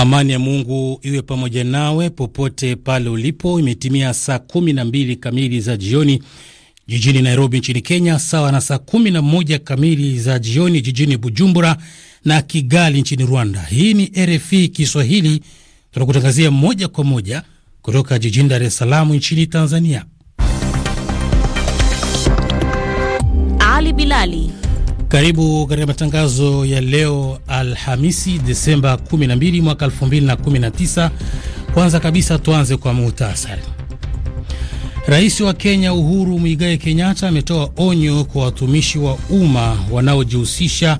Amani ya Mungu iwe pamoja nawe popote pale ulipo. Imetimia saa kumi na mbili kamili za jioni jijini Nairobi nchini Kenya, sawa na saa kumi na moja kamili za jioni jijini Bujumbura na Kigali nchini Rwanda. Hii ni RFI Kiswahili, tunakutangazia moja kwa moja kutoka jijini Dar es Salaam nchini Tanzania. Ali Bilali karibu katika matangazo ya leo Alhamisi, Desemba 12 mwaka 2019. Kwanza kabisa tuanze kwa muhtasari. Rais wa Kenya Uhuru Muigai Kenyatta ametoa onyo kwa watumishi wa umma wanaojihusisha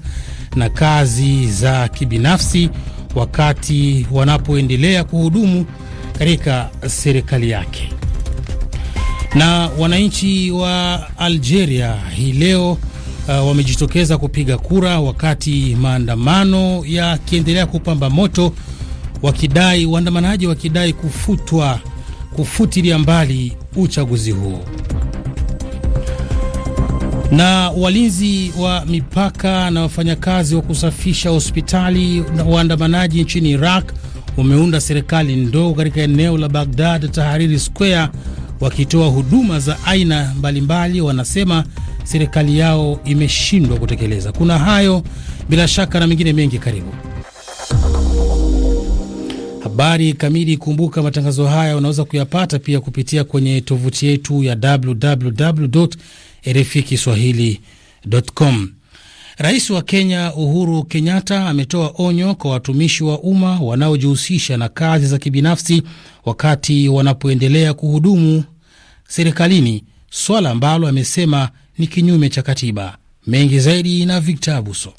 na kazi za kibinafsi wakati wanapoendelea kuhudumu katika serikali yake. Na wananchi wa Algeria hii leo uh, wamejitokeza kupiga kura wakati maandamano yakiendelea kupamba moto, wakidai waandamanaji wakidai kufutwa kufutilia mbali uchaguzi huo. Na walinzi wa mipaka na wafanyakazi wa kusafisha hospitali na waandamanaji nchini Iraq wameunda serikali ndogo katika eneo la Baghdad Tahariri Square wakitoa huduma za aina mbalimbali mbali. Wanasema serikali yao imeshindwa kutekeleza. Kuna hayo bila shaka na mengine mengi, karibu habari kamili. Kumbuka matangazo haya unaweza kuyapata pia kupitia kwenye tovuti yetu ya www RFI Kiswahili.com. Rais wa Kenya Uhuru Kenyatta ametoa onyo kwa watumishi wa umma wanaojihusisha na kazi za kibinafsi wakati wanapoendelea kuhudumu serikalini, swala ambalo amesema ni kinyume cha katiba. Mengi zaidi na Victor Abuso.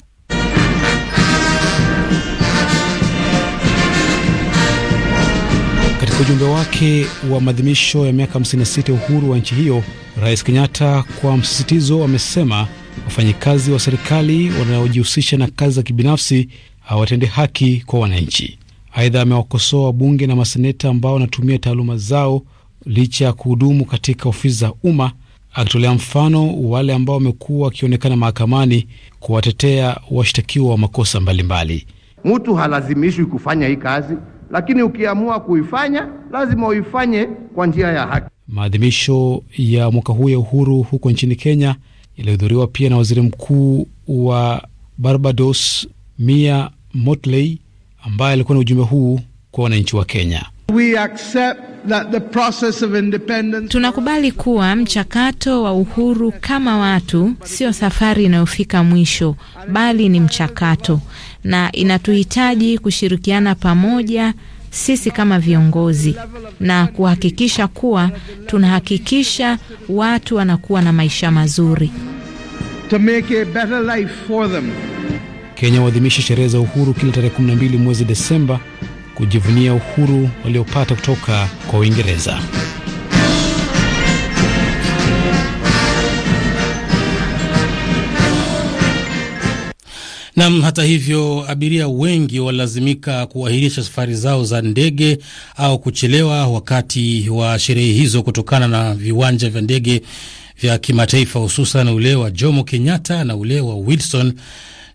Katika ujumbe wake wa maadhimisho ya miaka 56 ya uhuru wa nchi hiyo, Rais Kenyatta kwa msisitizo amesema wafanyikazi wa serikali wanaojihusisha na kazi za kibinafsi hawatende haki kwa wananchi. Aidha, amewakosoa wabunge na maseneta ambao wanatumia taaluma zao licha ya kuhudumu katika ofisi za umma akitolea mfano wale ambao wamekuwa wakionekana mahakamani kuwatetea washtakiwa wa makosa mbalimbali. Mtu halazimishwi kufanya hii kazi, lakini ukiamua kuifanya lazima uifanye kwa njia ya haki. Maadhimisho ya mwaka huu ya uhuru huko nchini Kenya yalihudhuriwa pia na waziri mkuu wa Barbados Mia Motley ambaye alikuwa na ujumbe huu kwa wananchi wa Kenya. We accept that the process of independence... Tunakubali kuwa mchakato wa uhuru kama watu sio safari inayofika mwisho, bali ni mchakato na inatuhitaji kushirikiana pamoja sisi kama viongozi na kuhakikisha kuwa tunahakikisha watu wanakuwa na maisha mazuri. To make a better life for them. Kenya huadhimisha sherehe za uhuru kila tarehe 12 mwezi Desemba kujivunia uhuru waliopata kutoka kwa Uingereza. Nam, hata hivyo, abiria wengi walilazimika kuahirisha safari zao za ndege au kuchelewa wakati wa sherehe hizo kutokana na viwanja vya ndege vya kimataifa, hususan ule wa Jomo Kenyatta na ule wa Wilson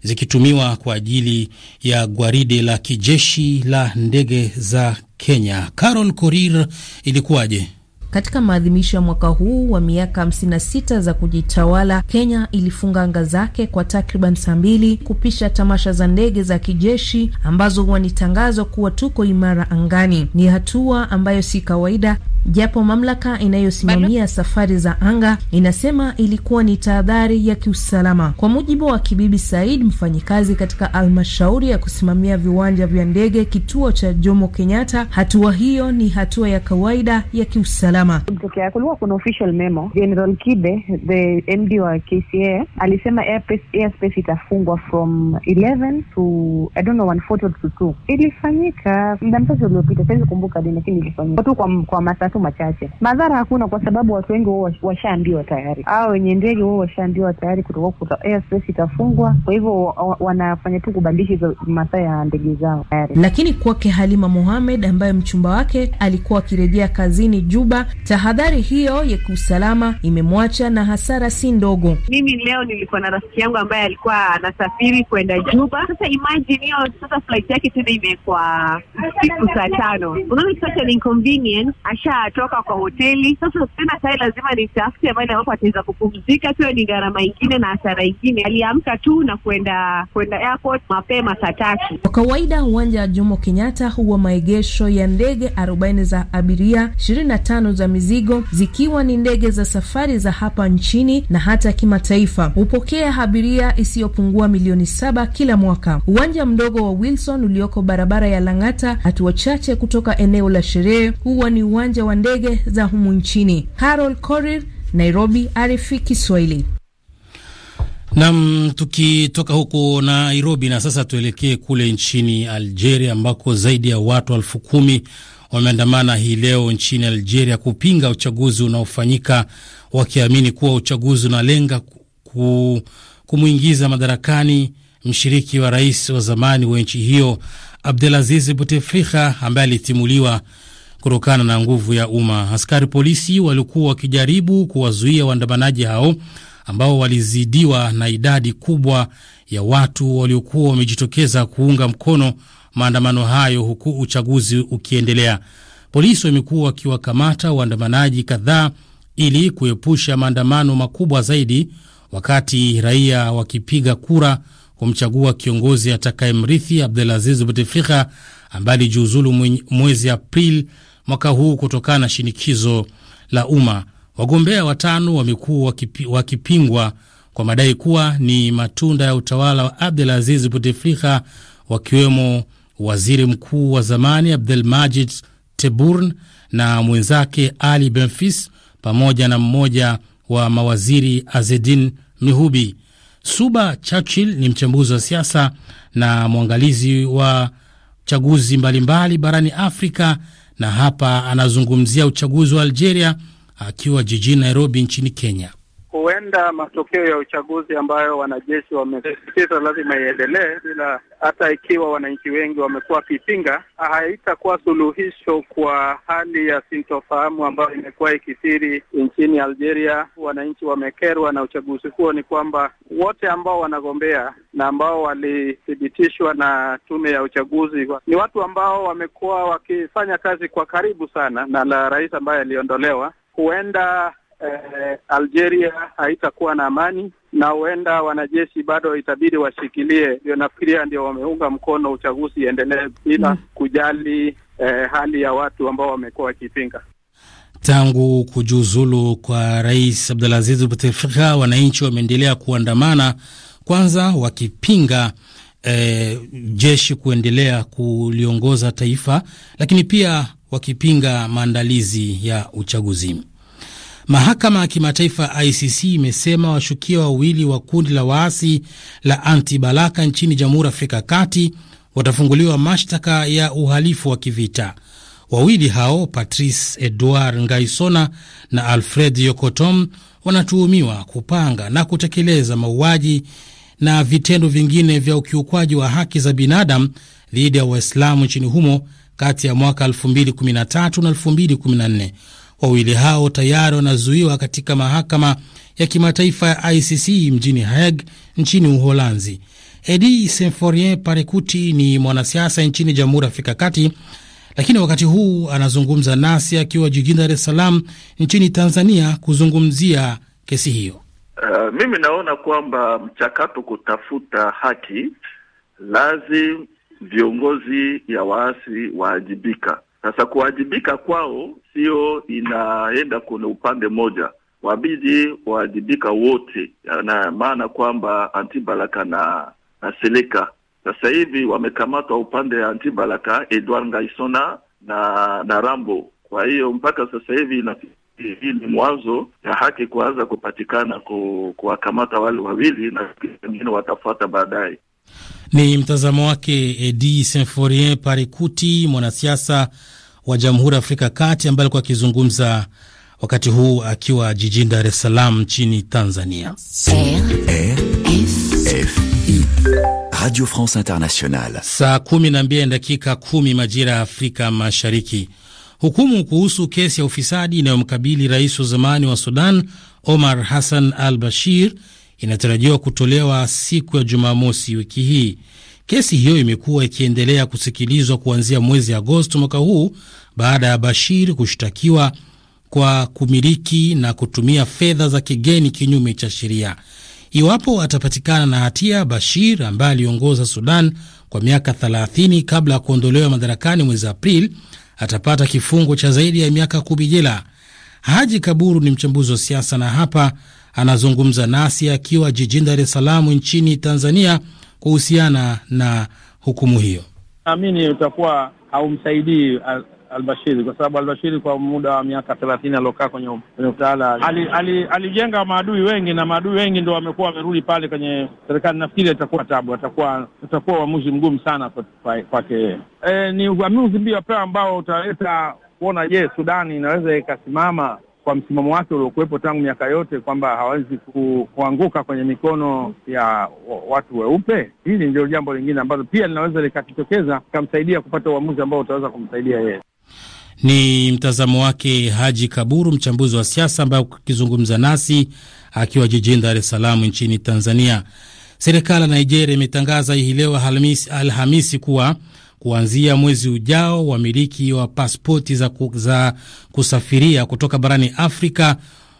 zikitumiwa kwa ajili ya gwaride la kijeshi la ndege za Kenya. Carol Korir, ilikuwaje? Katika maadhimisho ya mwaka huu wa miaka 56 za kujitawala, Kenya ilifunga anga zake kwa takriban saa mbili kupisha tamasha za ndege za kijeshi ambazo huwa ni tangazo kuwa tuko imara angani. Ni hatua ambayo si kawaida japo mamlaka inayosimamia safari za anga inasema ilikuwa ni tahadhari ya kiusalama. Kwa mujibu wa Kibibi Said, mfanyikazi katika almashauri ya kusimamia viwanja vya ndege kituo cha Jomo Kenyatta, hatua hiyo ni hatua ya kawaida ya kiusalama usalama. Kulikuwa kuna official memo, General Kibe, the MD wa KCA, alisema airspace, airspace itafungwa from 11 to I don't know 140 to 2. Ilifanyika muda mchache uliopita, siwezi kukumbuka lini, lakini ilifanyika tu kwa, kwa masaa machache. Madhara hakuna, kwa sababu watu wengi wao washaambiwa tayari, au wenye ndege wao washaambiwa tayari kutoka kuta airspace itafungwa, kwa hivyo wanafanya tu kubadilisha hizo masaa ya ndege zao tayari. Lakini kwake Halima Mohamed ambaye mchumba wake alikuwa akirejea kazini Juba Tahadhari hiyo ya kiusalama imemwacha na hasara si ndogo. Mimi leo nilikuwa na rafiki yangu ambaye alikuwa anasafiri kwenda Juba. Sasa imagine hiyo sasa flight yake tena imekwa siku saa tano, unaona such an inconvenience. Ashatoka kwa hoteli sasa tena sai lazima nitafute mahali ambapo ataweza kupumzika, Pia ni gharama ingine na hasara ingine. Aliamka tu na kwenda kwenda airport mapema saa tatu. Kwa kawaida uwanja wa Jomo Kenyatta huwa maegesho ya ndege arobaini za abiria 25 za mizigo zikiwa ni ndege za safari za hapa nchini na hata kimataifa. Hupokea abiria isiyopungua milioni saba kila mwaka. Uwanja mdogo wa Wilson ulioko barabara ya Lang'ata, hatua chache kutoka eneo la sherehe, huwa ni uwanja wa ndege za humu nchini. Harold Korir, Nairobi, RFI Kiswahili. Nam, tukitoka huko Nairobi na sasa tuelekee kule nchini Algeria ambako zaidi ya watu elfu kumi wameandamana hii leo nchini Algeria kupinga uchaguzi unaofanyika wakiamini kuwa uchaguzi unalenga ku, kumwingiza madarakani mshiriki wa rais wa zamani wa nchi hiyo Abdelaziz Bouteflika ambaye alitimuliwa kutokana na nguvu ya umma. Askari polisi walikuwa wakijaribu kuwazuia waandamanaji hao ambao walizidiwa na idadi kubwa ya watu waliokuwa wamejitokeza kuunga mkono maandamano hayo huku uchaguzi ukiendelea. Polisi wamekuwa wakiwakamata waandamanaji kadhaa ili kuepusha maandamano makubwa zaidi, wakati raia wakipiga kura kumchagua kiongozi atakayemrithi Abdelaziz Bouteflika ambaye alijiuzulu mwezi Aprili mwaka huu kutokana na shinikizo la umma. Wagombea watano wamekuwa wakipingwa kwa madai kuwa ni matunda ya utawala wa Abdelaziz Bouteflika, wakiwemo waziri mkuu wa zamani Abdelmajid Teburn na mwenzake Ali Benfis pamoja na mmoja wa mawaziri Azedin Mihubi. Suba Churchill ni mchambuzi wa siasa na mwangalizi wa chaguzi mbalimbali barani Afrika, na hapa anazungumzia uchaguzi wa Algeria akiwa jijini Nairobi nchini Kenya huenda matokeo ya uchaguzi ambayo wanajeshi wamesisitiza lazima iendelee bila, hata ikiwa wananchi wengi wamekuwa wakipinga, haitakuwa suluhisho kwa hali ya sintofahamu ambayo imekuwa ikithiri nchini Algeria. Wananchi wamekerwa na uchaguzi huo, ni kwamba wote ambao wanagombea na ambao walithibitishwa na tume ya uchaguzi ni watu ambao wamekuwa wakifanya kazi kwa karibu sana na la rais ambaye aliondolewa, huenda eh, Algeria haitakuwa na amani na huenda wanajeshi bado itabidi washikilie. Ndio nafikiria ndio wameunga mkono uchaguzi endelee bila mm, kujali eh, hali ya watu ambao wamekuwa wakipinga tangu kujiuzulu kwa Rais Abdulaziz Bouteflika. Wananchi wameendelea kuandamana, kwanza wakipinga E, jeshi kuendelea kuliongoza taifa, lakini pia wakipinga maandalizi ya uchaguzi. Mahakama ya kimataifa ICC imesema washukiwa wawili wa kundi la waasi la antibalaka nchini Jamhuri Afrika ya Kati watafunguliwa mashtaka ya uhalifu wa kivita. Wawili hao Patrice Edouard Ngaisona na Alfred Yokotom wanatuhumiwa kupanga na kutekeleza mauaji na vitendo vingine vya ukiukwaji wa haki za binadamu dhidi ya Waislamu nchini humo kati ya mwaka 2013 na 2014. Wawili hao tayari wanazuiwa katika mahakama ya kimataifa ya ICC mjini Hague nchini Uholanzi. Edi Semforien Parekuti ni mwanasiasa nchini Jamhuri ya Afrika Kati, lakini wakati huu anazungumza nasi akiwa jijini Dar es Salaam nchini Tanzania kuzungumzia kesi hiyo. Uh, mimi naona kwamba mchakato kutafuta haki, lazima viongozi ya waasi waajibika sasa kuwajibika kwao sio inaenda kuna upande mmoja, wabidi wawajibika wote, na maana kwamba Antibalaka na, na Seleka sasa hivi wamekamatwa upande ya Antibalaka Edward Ngaisona na na Rambo. Kwa hiyo mpaka sasa hivi hii ni mwanzo ya haki kuanza kupatikana kuwakamata wale wawili, na wengine watafuata baadaye. Ni mtazamo wake Edi Symphorien Parikuti, mwanasiasa wa Jamhuri ya Afrika Kati ambaye alikuwa akizungumza wakati huu akiwa jijini Dar es Salaam nchini Tanzania. Radio France Internationale. Saa kumi na mbili na dakika kumi majira ya Afrika Mashariki. Hukumu kuhusu kesi ya ufisadi inayomkabili rais wa zamani wa Sudan Omar Hassan al Bashir inatarajiwa kutolewa siku ya Jumamosi wiki hii. Kesi hiyo imekuwa ikiendelea kusikilizwa kuanzia mwezi Agosti mwaka huu baada ya Bashir kushtakiwa kwa kumiliki na kutumia fedha za kigeni kinyume cha sheria. Iwapo atapatikana na hatia, Bashir ambaye aliongoza Sudan kwa miaka 30 kabla ya kuondolewa madarakani mwezi Aprili atapata kifungo cha zaidi ya miaka kumi jela. Haji Kaburu ni mchambuzi wa siasa na hapa anazungumza nasi akiwa jijini Dar es Salaam nchini Tanzania kuhusiana na hukumu hiyo? Naamini utakuwa haumsaidii Albashiri kwa sababu Albashiri kwa muda wa miaka thelathini aliokaa kwenye utawala ali, ali, alijenga maadui wengi na maadui wengi ndo wamekuwa wamerudi pale kwenye serikali. Nafikiri itakuwa tabu, atakuwa utakuwa uamuzi mgumu sana kwake yeye. E, ni uamuzi pia ambao utaleta kuona je, Sudani inaweza ikasimama kwa msimamo wake uliokuwepo tangu miaka yote kwamba hawezi ku, kuanguka kwenye mikono ya watu weupe. Hili ndio jambo lingine ambalo pia linaweza likajitokeza ikamsaidia kupata uamuzi ambao utaweza kumsaidia yeye. Ni mtazamo wake Haji Kaburu, mchambuzi wa siasa, ambaye akizungumza nasi akiwa jijini Dar es Salaam nchini Tanzania. Serikali ya Nigeria imetangaza hii leo Alhamisi kuwa Kuanzia mwezi ujao, wamiliki wa pasipoti za, za kusafiria kutoka barani Afrika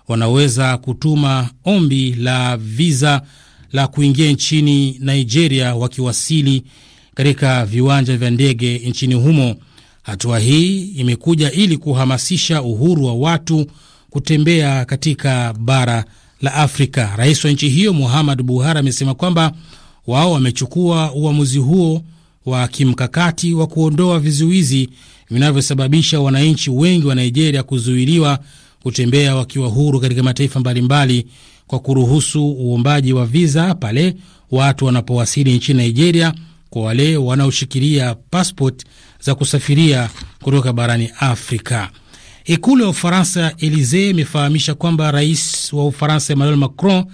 wanaweza kutuma ombi la viza la kuingia nchini Nigeria wakiwasili katika viwanja vya ndege nchini humo. Hatua hii imekuja ili kuhamasisha uhuru wa watu kutembea katika bara la Afrika. Rais wa nchi hiyo Muhammad Buhari amesema kwamba wao wamechukua uamuzi huo wa kimkakati wa kuondoa vizuizi vinavyosababisha wananchi wengi wa Nigeria kuzuiliwa kutembea wakiwa huru katika mataifa mbalimbali kwa kuruhusu uombaji wa viza pale watu wanapowasili nchini Nigeria kwa wale wanaoshikilia paspot za kusafiria kutoka barani Afrika. Ikulu ya Ufaransa Elisee imefahamisha kwamba rais wa Ufaransa Emmanuel Macron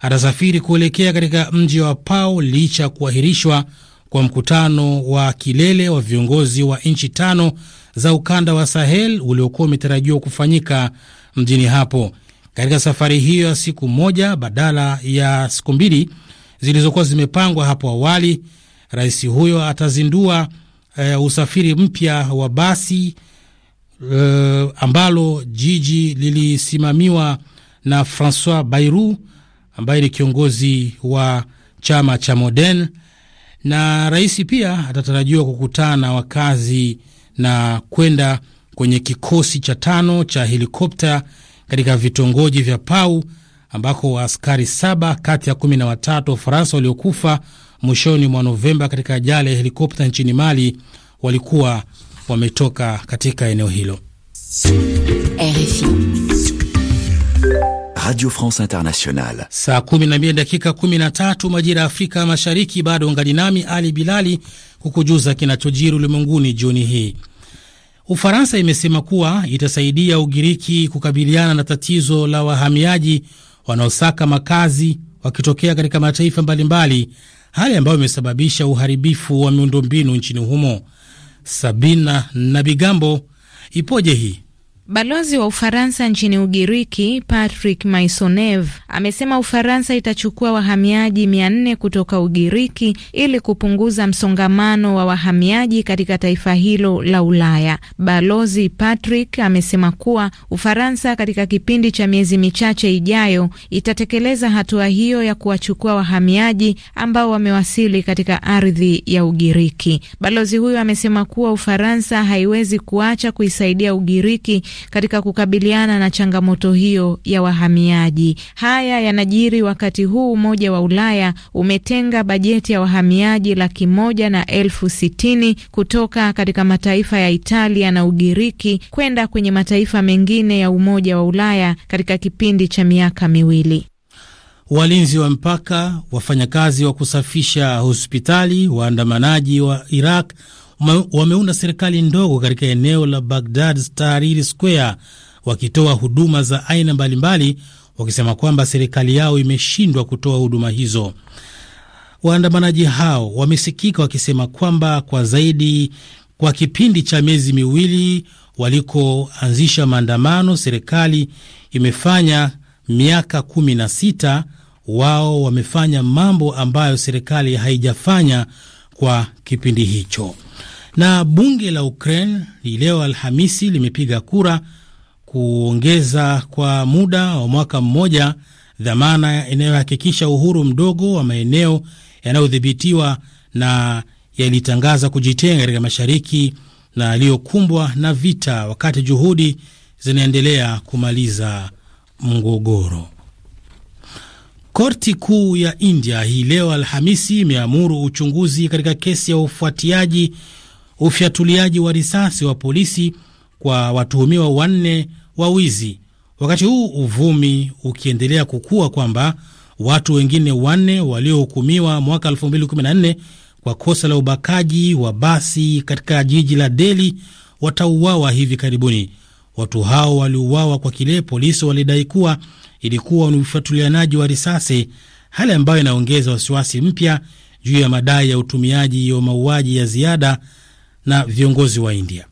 atasafiri kuelekea katika mji wa Pau licha ya kuahirishwa kwa mkutano wa kilele wa viongozi wa nchi tano za ukanda wa Sahel uliokuwa umetarajiwa kufanyika mjini hapo. Katika safari hiyo ya siku moja badala ya siku mbili zilizokuwa zimepangwa hapo awali, rais huyo atazindua uh, usafiri mpya wa basi uh, ambalo jiji lilisimamiwa na Francois Bayrou ambaye ni kiongozi wa chama cha Modern na rais pia atatarajiwa kukutana na wakazi na kwenda kwenye kikosi cha tano cha helikopta katika vitongoji vya Pau ambako waaskari saba kati ya kumi na watatu wa Ufaransa waliokufa mwishoni mwa Novemba katika ajali ya helikopta nchini Mali walikuwa wametoka katika eneo hilo RFI. Radio France Internationale. Saa 12 dakika 13 majira ya Afrika Mashariki. Bado ngali nami Ali Bilali kukujuza kinachojiri ulimwenguni jioni hii. Ufaransa imesema kuwa itasaidia Ugiriki kukabiliana na tatizo la wahamiaji wanaosaka makazi wakitokea katika mataifa mbalimbali, hali ambayo imesababisha uharibifu wa miundombinu nchini humo. Sabina Nabigambo, ipoje hii? Balozi wa Ufaransa nchini Ugiriki Patrick Maisonev amesema Ufaransa itachukua wahamiaji mia nne kutoka Ugiriki ili kupunguza msongamano wa wahamiaji katika taifa hilo la Ulaya. Balozi Patrick amesema kuwa Ufaransa katika kipindi cha miezi michache ijayo itatekeleza hatua hiyo ya kuwachukua wahamiaji ambao wamewasili katika ardhi ya Ugiriki. Balozi huyo amesema kuwa Ufaransa haiwezi kuacha kuisaidia Ugiriki katika kukabiliana na changamoto hiyo ya wahamiaji. Haya yanajiri wakati huu Umoja wa Ulaya umetenga bajeti ya wahamiaji laki moja na elfu sitini kutoka katika mataifa ya Italia na Ugiriki kwenda kwenye mataifa mengine ya Umoja wa Ulaya katika kipindi cha miaka miwili. Walinzi wa mpaka, wafanyakazi wa kusafisha hospitali, waandamanaji wa Iraq wameunda serikali ndogo katika eneo la Baghdad Tahrir Square, wakitoa huduma za aina mbalimbali, wakisema kwamba serikali yao imeshindwa kutoa huduma hizo. Waandamanaji hao wamesikika wakisema kwamba kwa zaidi kwa kipindi cha miezi miwili walikoanzisha maandamano, serikali imefanya miaka kumi na sita. Wao wamefanya mambo ambayo serikali haijafanya kwa kipindi hicho. Na bunge la Ukraine leo Alhamisi limepiga kura kuongeza kwa muda wa mwaka mmoja dhamana inayohakikisha uhuru mdogo wa maeneo yanayodhibitiwa na yalitangaza kujitenga katika mashariki na yaliyokumbwa na vita, wakati juhudi zinaendelea kumaliza mgogoro. Korti kuu ya India hii leo Alhamisi imeamuru uchunguzi katika kesi ya ufuatiaji ufyatuliaji wa risasi wa polisi kwa watuhumiwa wanne wa wizi, wakati huu uvumi ukiendelea kukua kwamba watu wengine wanne waliohukumiwa mwaka 2014 kwa kosa la ubakaji wa basi katika jiji la Delhi watauawa hivi karibuni. Watu hao waliuawa kwa kile polisi walidai kuwa ilikuwa ni ufuatilianaji wa risasi, hali ambayo inaongeza wasiwasi mpya juu ya madai ya utumiaji wa mauaji ya ziada na viongozi wa India.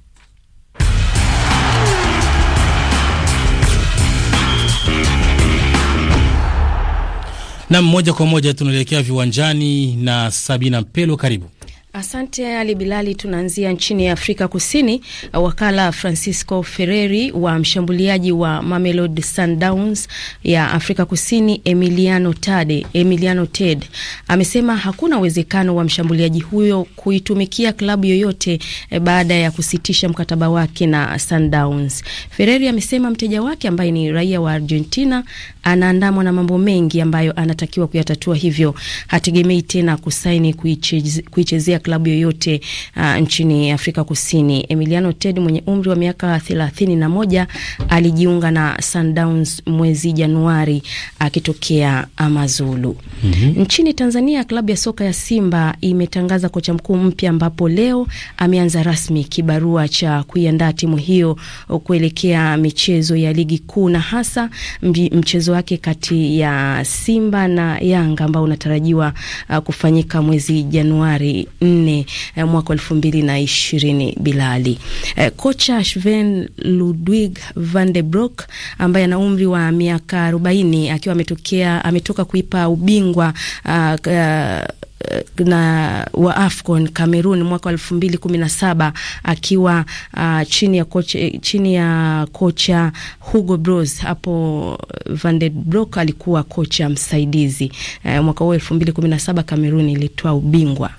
Nam, moja kwa moja tunaelekea viwanjani na Sabina Mpelo, karibu. Asante Ali Bilali. Tunaanzia nchini Afrika Kusini. Wakala Francisco Ferreri wa mshambuliaji wa Mamelodi Sundowns ya Afrika Kusini Emiliano Tade, Emiliano Ted amesema hakuna uwezekano wa mshambuliaji huyo kuitumikia klabu yoyote eh, baada ya kusitisha mkataba wake na Sundowns. Ferreri amesema mteja wake ambaye ni raia wa Argentina anaandamwa na mambo mengi ambayo anatakiwa kuyatatua, hivyo hategemei tena kusaini kuichezea klabu yoyote uh, nchini Afrika Kusini. Emiliano Ted mwenye umri wa miaka 31 alijiunga na Sundowns mwezi Januari akitokea uh, Amazulu. mm -hmm. Nchini Tanzania, klabu ya soka ya Simba imetangaza kocha mkuu mpya, ambapo leo ameanza rasmi kibarua cha kuiandaa timu hiyo kuelekea michezo ya ligi kuu na hasa mchezo wake kati ya Simba na Yanga ambao unatarajiwa uh, kufanyika mwezi Januari nne eh, mwaka elfu mbili na ishirini Bilali. Eh, kocha Sven Ludwig van de Broek ambaye ana umri wa miaka arobaini akiwa ametokea ametoka kuipa ubingwa uh, uh, na wa Afcon Cameroon mwaka wa elfu mbili kumi na saba akiwa uh, chini ya kocha, chini ya kocha Hugo Bros. Hapo eh, Van de Broek alikuwa kocha msaidizi uh, mwaka huo elfu mbili kumi na saba Cameroon ilitoa ubingwa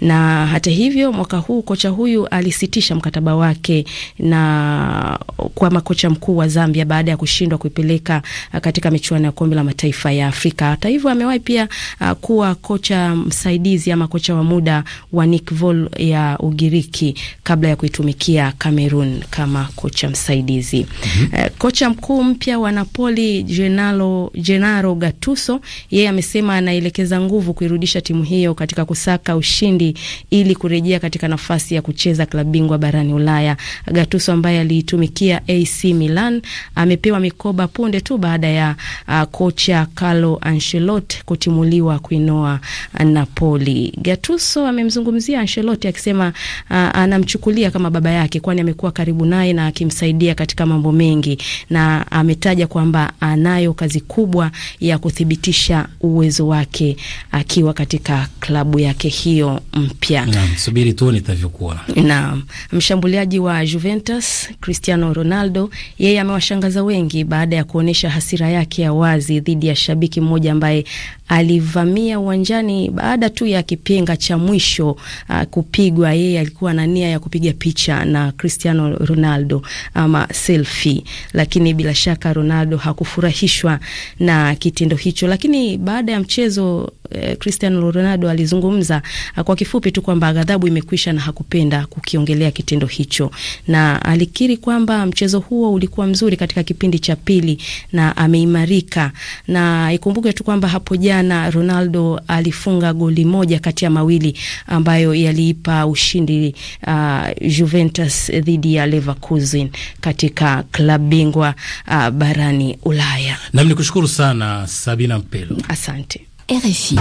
na hata hivyo, mwaka huu kocha huyu alisitisha mkataba wake na kwa makocha mkuu wa Zambia baada ya kushindwa kuipeleka uh, katika michuano ya kombe la mataifa ya Afrika. Hata hivyo, amewahi pia uh, kuwa kocha msaidizi ama kocha wa muda wa Nick Vol ya Ugiriki kabla ya kuitumikia Cameroon kama kocha msaidizi. Mm -hmm. Uh, kocha mkuu mpya wa Napoli Gennaro, Gennaro Gattuso yeye amesema anaelekeza nguvu kuirudisha timu hiyo katika kusaka ushindi ushindi ili kurejea katika nafasi ya kucheza klabu bingwa barani Ulaya. Gattuso ambaye aliitumikia AC Milan amepewa mikoba punde tu baada ya uh, kocha Carlo Ancelotti kutimuliwa kuinoa uh, Napoli. Gattuso amemzungumzia Ancelotti akisema uh, anamchukulia kama baba yake, kwani amekuwa karibu naye na akimsaidia katika mambo mengi, na ametaja kwamba anayo kazi kubwa ya kuthibitisha uwezo wake akiwa katika klabu yake hiyo sio mpya. Subiri tu nitavyokuwa. Naam, mshambuliaji wa Juventus Cristiano Ronaldo yeye amewashangaza wengi baada ya kuonyesha hasira yake ya wazi dhidi ya shabiki mmoja ambaye alivamia uwanjani baada tu ya kipenga cha mwisho uh, kupigwa. Yeye alikuwa na nia ya kupiga picha na Cristiano Ronaldo ama selfie, lakini bila shaka Ronaldo hakufurahishwa na kitendo hicho, lakini baada ya mchezo eh, Cristiano Ronaldo alizungumza Ah, kwa kifupi tu kwamba ghadhabu imekwisha na hakupenda kukiongelea kitendo hicho, na alikiri kwamba mchezo huo ulikuwa mzuri katika kipindi cha pili na ameimarika. Na ikumbuke tu kwamba hapo jana Ronaldo alifunga goli moja kati ya mawili ambayo yaliipa ushindi uh, Juventus dhidi ya Leverkusen katika klabu bingwa uh, barani Ulaya. Nami nikushukuru sana Sabina Mpelo, asante RFI.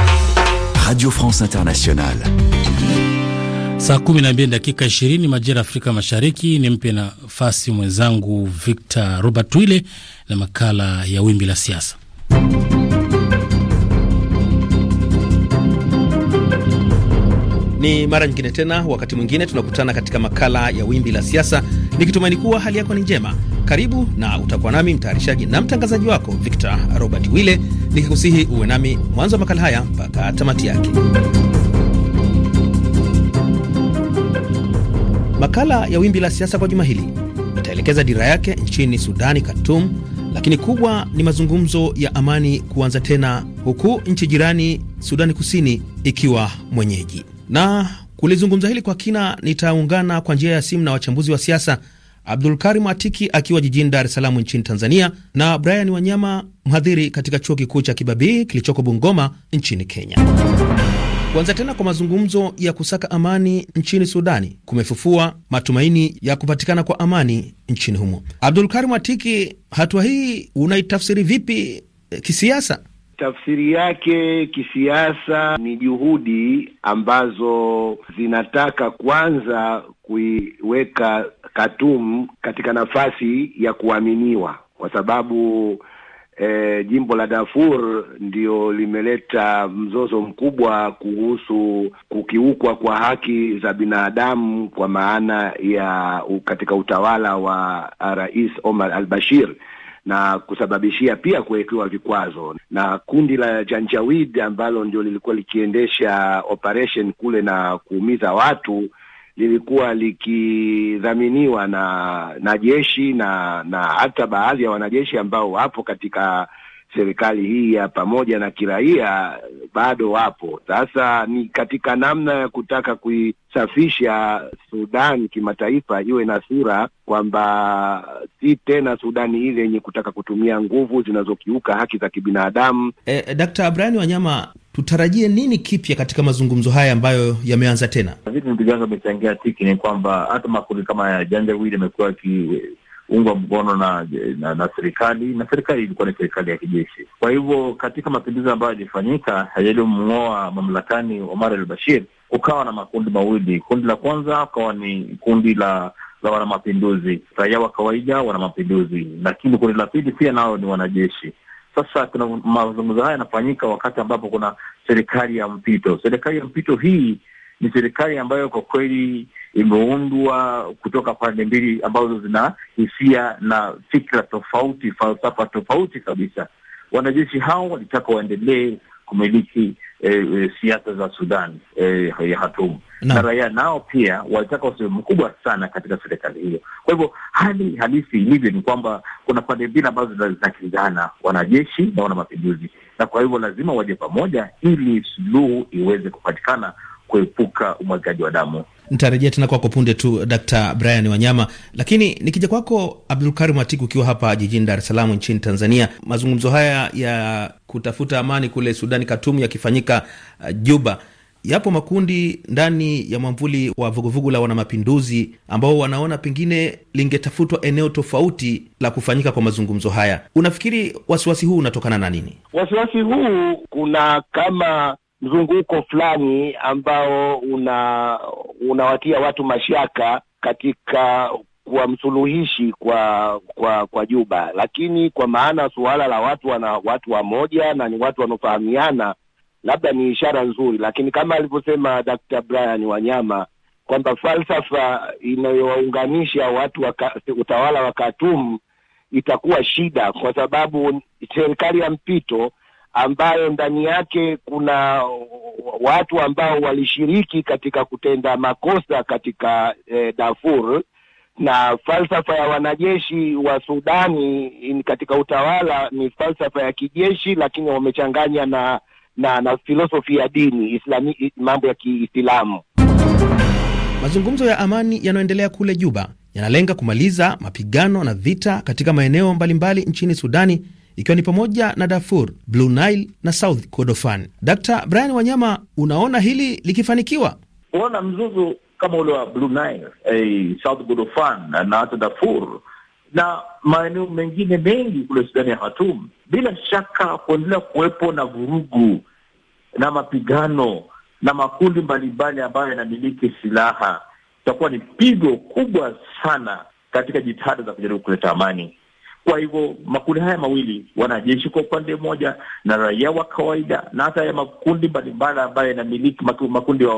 Radio France Internationale. Saa kumi na mbili dakika ishirini majira Afrika Mashariki. Ni mpe nafasi mwenzangu Victor Robert Wille na makala ya wimbi la siasa. Ni mara nyingine tena, wakati mwingine tunakutana katika makala ya wimbi la siasa, nikitumaini kuwa hali yako ni njema. Karibu na utakuwa nami mtayarishaji na mtangazaji wako Victor Robert Wille, nikikusihi uwe nami mwanzo wa makala haya mpaka tamati yake. Makala ya Wimbi la Siasa kwa juma hili itaelekeza dira yake nchini Sudani, Khartoum, lakini kubwa ni mazungumzo ya amani kuanza tena, huku nchi jirani Sudani Kusini ikiwa mwenyeji. Na kulizungumza hili kwa kina, nitaungana kwa njia ya simu na wachambuzi wa siasa Karim Atiki akiwa jijini Dar es Salaam nchini Tanzania, na Brian Wanyama, mhadhiri katika chuo kikuu cha Kibabii kilichoko Bungoma nchini Kenya. Kuanza tena kwa mazungumzo ya kusaka amani nchini Sudani kumefufua matumaini ya kupatikana kwa amani nchini humo. Karim Atiki, hatua hii unaitafsiri vipi eh, kisiasa? Tafsiri yake kisiasa ni juhudi ambazo zinataka kwanza kuiweka katum katika nafasi ya kuaminiwa kwa sababu E, jimbo la Darfur ndio limeleta mzozo mkubwa kuhusu kukiukwa kwa haki za binadamu kwa maana ya katika utawala wa ah, Rais Omar al-Bashir na kusababishia pia kuwekewa vikwazo na kundi la Janjawid ambalo ndio lilikuwa likiendesha operation kule na kuumiza watu lilikuwa likidhaminiwa na na jeshi na na hata baadhi ya wanajeshi ambao wapo katika serikali hii ya pamoja na kiraia bado wapo. Sasa ni katika namna ya kutaka kuisafisha Sudan kimataifa, iwe na sura kwamba si tena Sudani ile yenye kutaka kutumia nguvu zinazokiuka haki za kibinadamu. Eh, eh Dkt. Abrani Wanyama, tutarajie nini kipya katika mazungumzo haya ambayo yameanza tena? Vitu mpigo wake amechangia tiki ni kwamba hata makundi kama ya Janjawid amekuwa kuungwa mkono na, na, na serikali na serikali ilikuwa ni serikali ya kijeshi. Kwa hivyo katika mapinduzi ambayo yalifanyika yaliyomng'oa mamlakani Omar al Bashir, kukawa na makundi mawili. Kundi la kwanza ukawa ni kundi la la wanamapinduzi, raia wa kawaida, wanamapinduzi, lakini kundi la pili pia nao ni wanajeshi. Sasa kuna mazungumzo haya yanafanyika wakati ambapo kuna serikali ya mpito. Serikali ya mpito hii ni serikali ambayo kwa kweli imeundwa kutoka pande mbili ambazo zina hisia na fikra tofauti, falsafa tofauti kabisa. Wanajeshi hao walitaka waendelee kumiliki e, e, siasa za Sudan e, ya hatum no. na raia nao pia walitaka wasehemu mkubwa sana katika serikali hiyo. Kwa hivyo hali halisi ilivyo ni kwamba kuna pande mbili ambazo zinakinzana, wanajeshi na wana mapinduzi, na kwa hivyo lazima waje pamoja ili suluhu iweze kupatikana kuepuka umwagaji wa damu. Nitarejea tena kwako punde tu, d Brian Wanyama, lakini nikija kwako Abdulkarim Atiku, ukiwa hapa jijini Dar es Salaam nchini Tanzania, mazungumzo haya ya kutafuta amani kule Sudani, katumu yakifanyika uh, Juba, yapo makundi ndani ya mwamvuli wa vuguvugu la wanamapinduzi ambao wanaona pengine lingetafutwa eneo tofauti la kufanyika kwa mazungumzo haya. Unafikiri wasiwasi huu unatokana na nini? Wasiwasi huu kuna kama mzunguko fulani ambao una unawatia watu mashaka katika kuwa msuluhishi kwa kwa kwa Juba, lakini kwa maana suala la watu wana watu wamoja na ni watu wanaofahamiana, labda ni ishara nzuri, lakini kama alivyosema Dr. Brian Wanyama kwamba falsafa inayowaunganisha watu wa utawala wa Khartoum itakuwa shida, kwa sababu serikali ya mpito ambayo ndani yake kuna watu ambao walishiriki katika kutenda makosa katika eh, Darfur na falsafa ya wanajeshi wa Sudani in katika utawala ni falsafa ya kijeshi, lakini wamechanganya na na, na filosofi ya dini Islami, mambo ya Kiislamu. Mazungumzo ya amani yanayoendelea kule Juba yanalenga kumaliza mapigano na vita katika maeneo mbalimbali nchini Sudani ikiwa ni pamoja na Darfur, Blue Nile na South Kordofan. Dr Brian Wanyama, unaona hili likifanikiwa? kuona mzozo kama ule wa Blue Nile, eh, South Kordofan na hata Darfur na maeneo mengine mengi kule Sudani ya Khartoum, bila shaka kuendelea kuwepo na vurugu na mapigano na makundi mbalimbali ambayo yanamiliki silaha itakuwa ni pigo kubwa sana katika jitihada za kujaribu kuleta amani. Kwa hivyo makundi haya mawili, wanajeshi kwa upande mmoja na raia wa kawaida, na hata ya makundi mbalimbali ambayo yanamiliki makundi ya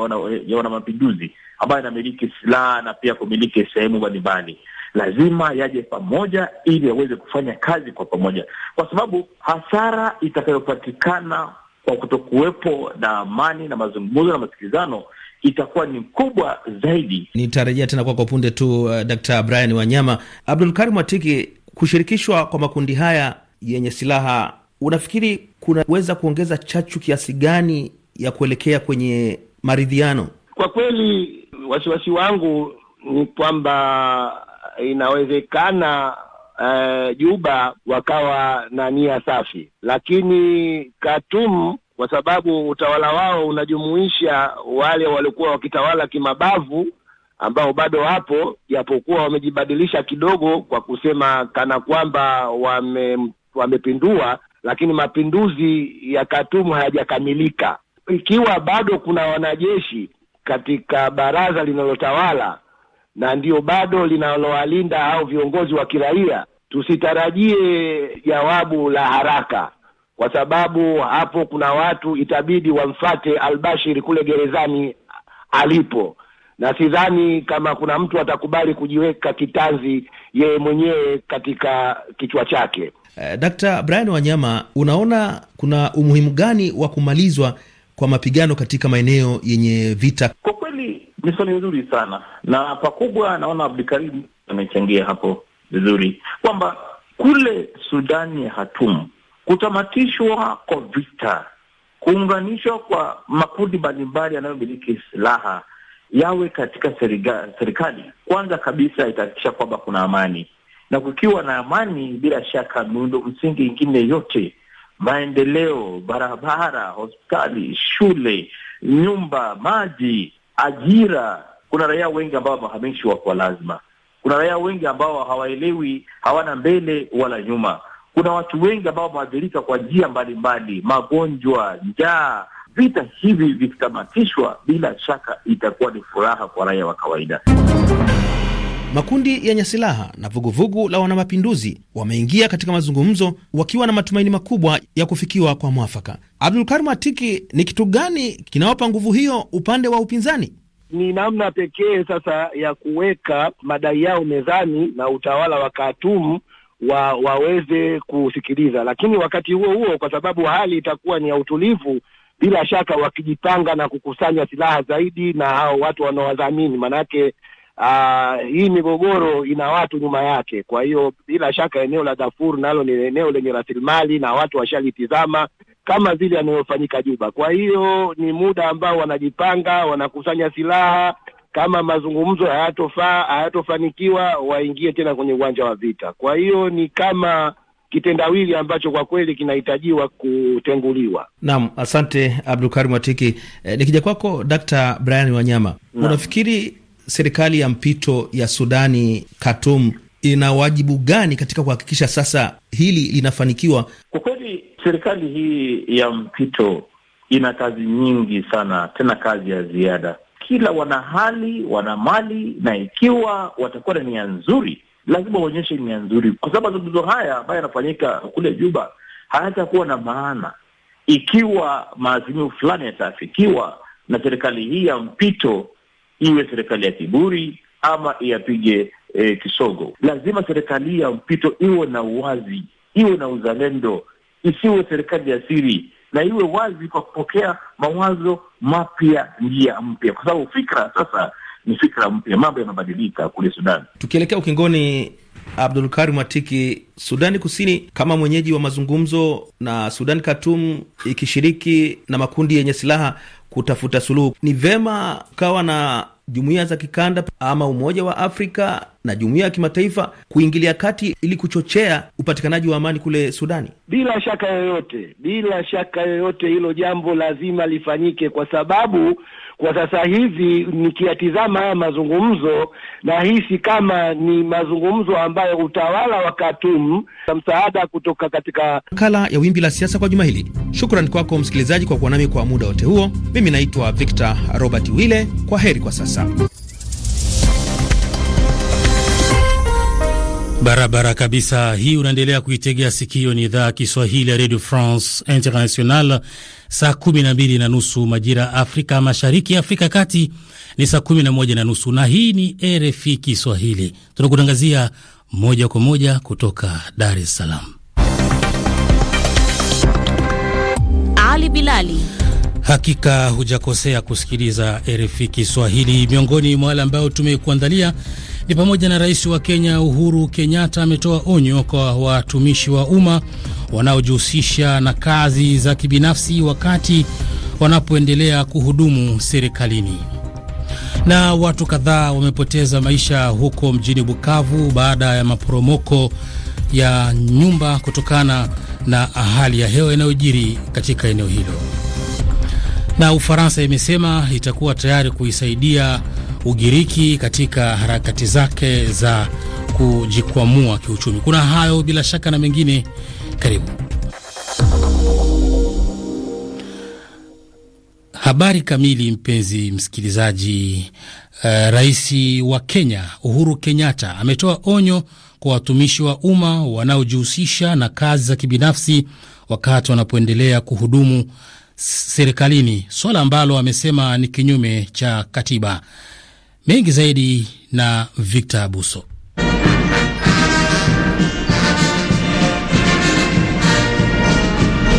wana mapinduzi ambayo yanamiliki silaha na pia kumiliki sehemu mbalimbali, lazima yaje pamoja ili yaweze kufanya kazi kwa pamoja, kwa sababu hasara itakayopatikana kwa kutokuwepo na amani na mazungumzo na masikilizano itakuwa ni kubwa zaidi. Nitarejea tena kwako punde tu, uh, Dkt. Brian Wanyama. Abdulkarim Atiki kushirikishwa kwa makundi haya yenye silaha, unafikiri kunaweza kuongeza chachu kiasi gani ya kuelekea kwenye maridhiano? Kwa kweli, wasiwasi wangu ni kwamba inawezekana uh, Juba wakawa na nia safi, lakini katum kwa sababu utawala wao unajumuisha wale waliokuwa wakitawala kimabavu ambao bado wapo japokuwa wamejibadilisha kidogo kwa kusema kana kwamba wame, wamepindua, lakini mapinduzi ya Katumu hayajakamilika. Ikiwa bado kuna wanajeshi katika baraza linalotawala na ndio bado linalowalinda au viongozi wa kiraia, tusitarajie jawabu la haraka, kwa sababu hapo kuna watu itabidi wamfate Albashiri kule gerezani alipo na sidhani kama kuna mtu atakubali kujiweka kitanzi yeye mwenyewe katika kichwa chake. Eh, Dkt. Brian Wanyama, unaona kuna umuhimu gani wa kumalizwa kwa mapigano katika maeneo yenye vita? Kwa kweli ni swali nzuri sana na pakubwa, naona Abdulkarim amechangia hapo vizuri kwamba kule Sudani ya Hatumu kutamatishwa kwa vita, kuunganishwa kwa makundi mbalimbali yanayomiliki silaha yawe katika serikali kwanza kabisa itahakikisha kwamba kuna amani, na kukiwa na amani, bila shaka miundo msingi ingine yote, maendeleo, barabara, hospitali, shule, nyumba, maji, ajira. Kuna raia wengi ambao wamehamishiwa kwa lazima. Kuna raia wengi ambao hawaelewi, hawana mbele wala nyuma. Kuna watu wengi ambao wameathirika kwa njia mbalimbali, magonjwa, njaa vita hivi vikitamatishwa, bila shaka itakuwa ni furaha kwa raia wa kawaida. Makundi yenye silaha na vuguvugu la wanamapinduzi wameingia katika mazungumzo wakiwa na matumaini makubwa ya kufikiwa kwa mwafaka. Abdulkarim Atiki, ni kitu gani kinawapa nguvu hiyo upande wa upinzani? Ni namna pekee sasa ya kuweka madai yao mezani na utawala wa Khartoum wa waweze kusikiliza, lakini wakati huo huo, kwa sababu hali itakuwa ni ya utulivu bila shaka wakijipanga na kukusanya silaha zaidi na hao watu wanaowadhamini, maanake uh, hii migogoro ina watu nyuma yake. Kwa hiyo bila shaka eneo la Darfur nalo ni eneo lenye rasilimali na watu washalitizama kama vile yanayofanyika Juba. Kwa hiyo ni muda ambao wanajipanga, wanakusanya silaha. Kama mazungumzo hayatofaa hayatofanikiwa, waingie tena kwenye uwanja wa vita. Kwa hiyo ni kama kitendawili ambacho kwa kweli kinahitajiwa kutenguliwa. Naam, asante Karim Watiki. E, eh, nikija kwako Dr. Brian Wanyama, unafikiri serikali ya mpito ya Sudani Khartoum ina wajibu gani katika kuhakikisha sasa hili linafanikiwa? Kwa kweli serikali hii ya mpito ina kazi nyingi sana, tena kazi ya ziada. Kila wana hali wana mali, na ikiwa watakuwa na nia nzuri lazima uonyeshe nia nzuri, kwa sababu mazungumzo haya ambayo yanafanyika kule Juba hayatakuwa na maana ikiwa maazimio fulani yataafikiwa na serikali hii ya mpito iwe serikali ya kiburi ama iyapige e, kisogo. Lazima serikali hii ya mpito iwe na uwazi, iwe na uzalendo, isiwe serikali ya siri na iwe wazi kwa kupokea mawazo mapya, njia mpya, kwa sababu fikra sasa ni fikra mpya, mambo yamebadilika kule Sudan. Tukielekea ukingoni, Abdul Karim Atiki, Sudani Kusini kama mwenyeji wa mazungumzo na Sudan Khartoum ikishiriki na makundi yenye silaha kutafuta suluhu, ni vema ukawa na jumuiya za kikanda ama Umoja wa Afrika na jumuiya ya kimataifa kuingilia kati ili kuchochea upatikanaji wa amani kule Sudani. Bila shaka yoyote, bila shaka yoyote, hilo jambo lazima lifanyike kwa sababu kwa sasa hivi nikiyatizama haya mazungumzo, nahisi kama ni mazungumzo ambayo utawala wa Khartoum na msaada kutoka katika makala ya wimbi la siasa kwa juma hili. Shukran kwako msikilizaji kwa kuwa nami kwa muda wote huo. Mimi naitwa Victor Robert wille Kwa heri kwa sasa. Barabara kabisa hii, unaendelea kuitegea sikio. Ni idhaa ya Kiswahili ya Radio France International. Saa kumi na mbili na nusu majira ya Afrika Mashariki, Afrika ya Kati ni saa kumi na moja na nusu na hii ni RFI Kiswahili, tunakutangazia moja kwa moja kutoka Dar es Salaam. Ali Bilali. Hakika hujakosea kusikiliza RFI Kiswahili. Miongoni mwa wale ambao tumekuandalia ni pamoja na rais wa Kenya Uhuru Kenyatta ametoa onyo kwa watumishi wa umma wanaojihusisha na kazi za kibinafsi wakati wanapoendelea kuhudumu serikalini. Na watu kadhaa wamepoteza maisha huko mjini Bukavu baada ya maporomoko ya nyumba kutokana na hali ya hewa inayojiri katika eneo hilo. Na Ufaransa imesema itakuwa tayari kuisaidia Ugiriki katika harakati zake za kujikwamua kiuchumi. Kuna hayo bila shaka na mengine, karibu habari kamili. Mpenzi msikilizaji, uh, rais wa Kenya Uhuru Kenyatta ametoa onyo kwa watumishi wa umma wanaojihusisha na kazi za kibinafsi wakati wanapoendelea kuhudumu serikalini, swala ambalo amesema ni kinyume cha katiba mengi zaidi na Victor Abuso.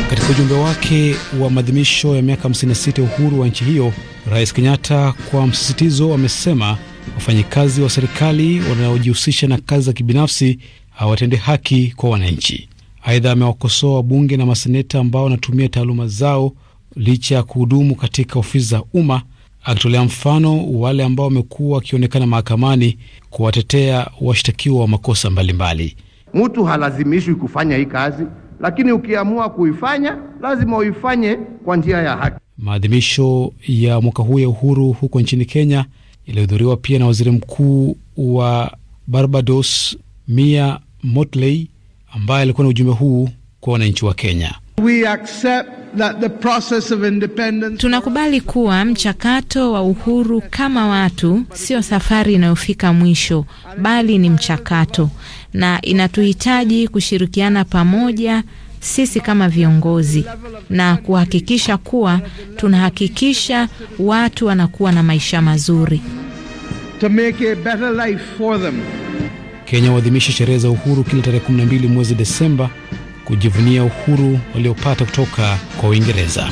Katika ujumbe wake wa maadhimisho ya miaka 56 uhuru wa nchi hiyo, Rais Kenyatta kwa msisitizo amesema wafanyikazi wa serikali wanaojihusisha na kazi za kibinafsi hawatende haki kwa wananchi. Aidha, amewakosoa wabunge na maseneta ambao wanatumia taaluma zao licha ya kuhudumu katika ofisi za umma Anatolea mfano wale ambao wamekuwa wakionekana mahakamani kuwatetea washtakiwa wa makosa mbalimbali. Mtu halazimishwi kufanya hii kazi, lakini ukiamua kuifanya lazima uifanye kwa njia ya haki. Maadhimisho ya mwaka huu ya uhuru huko nchini Kenya yalihudhuriwa pia na waziri mkuu wa Barbados Mia Motley ambaye alikuwa na ujumbe huu kwa wananchi wa Kenya. We accept Tunakubali kuwa mchakato wa uhuru kama watu sio safari inayofika mwisho, bali ni mchakato, na inatuhitaji kushirikiana pamoja sisi kama viongozi na kuhakikisha kuwa tunahakikisha watu wanakuwa na maisha mazuri. To make a better life for them. Kenya huadhimisha sherehe za uhuru kila tarehe 12 mwezi Desemba kujivunia uhuru waliopata kutoka kwa Uingereza.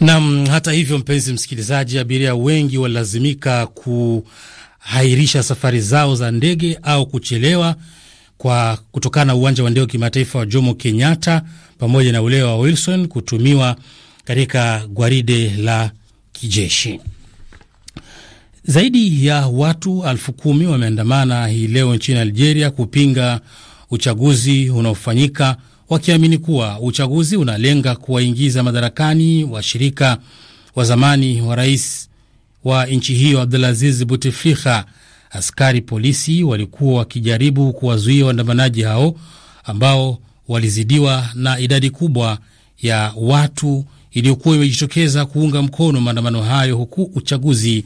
Nam, hata hivyo, mpenzi msikilizaji, abiria wengi walilazimika kuhairisha safari zao za ndege au kuchelewa kwa kutokana na uwanja wa ndege wa kimataifa wa Jomo Kenyatta pamoja na ule wa Wilson kutumiwa katika gwaride la kijeshi. Zaidi ya watu elfu kumi wameandamana hii leo nchini Algeria kupinga uchaguzi unaofanyika wakiamini kuwa uchaguzi unalenga kuwaingiza madarakani washirika wa zamani wa rais wa nchi hiyo Abdulaziz Butiflika. Askari polisi walikuwa wakijaribu kuwazuia waandamanaji hao ambao walizidiwa na idadi kubwa ya watu iliyokuwa imejitokeza kuunga mkono maandamano hayo, huku uchaguzi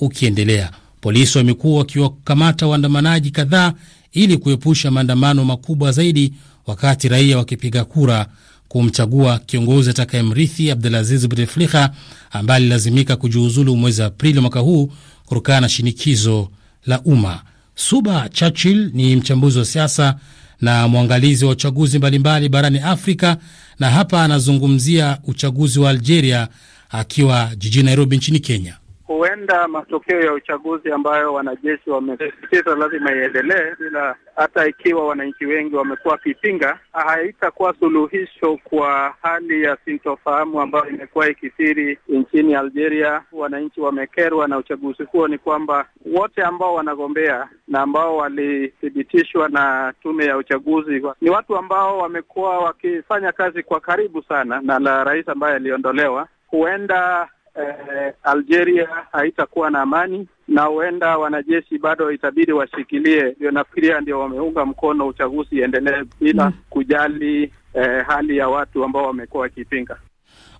ukiendelea. Polisi wamekuwa wakiwakamata waandamanaji kadhaa ili kuepusha maandamano makubwa zaidi, wakati raia wakipiga kura kumchagua kiongozi atakayemrithi Abdulaziz Buteflika ambaye alilazimika kujiuzulu mwezi Aprili mwaka huu kutokana na shinikizo la umma. Suba Churchill ni mchambuzi wa siasa na mwangalizi wa uchaguzi mbalimbali barani Afrika, na hapa anazungumzia uchaguzi wa Algeria akiwa jijini Nairobi nchini Kenya huenda matokeo ya uchaguzi ambayo wanajeshi wamesisitiza lazima iendelee, bila hata ikiwa wananchi wengi wamekuwa wakipinga, haitakuwa suluhisho kwa hali ya sintofahamu ambayo imekuwa ikithiri nchini Algeria. Wananchi wamekerwa na uchaguzi huo, ni kwamba wote ambao wanagombea na ambao walithibitishwa na tume ya uchaguzi ni watu ambao wamekuwa wakifanya kazi kwa karibu sana na la rais ambaye aliondolewa huenda eh, Algeria haitakuwa na amani na huenda wanajeshi bado itabidi washikilie. Ndio nafikiria ndio wameunga mkono uchaguzi endelee bila mm, kujali eh, hali ya watu ambao wamekuwa wakipinga.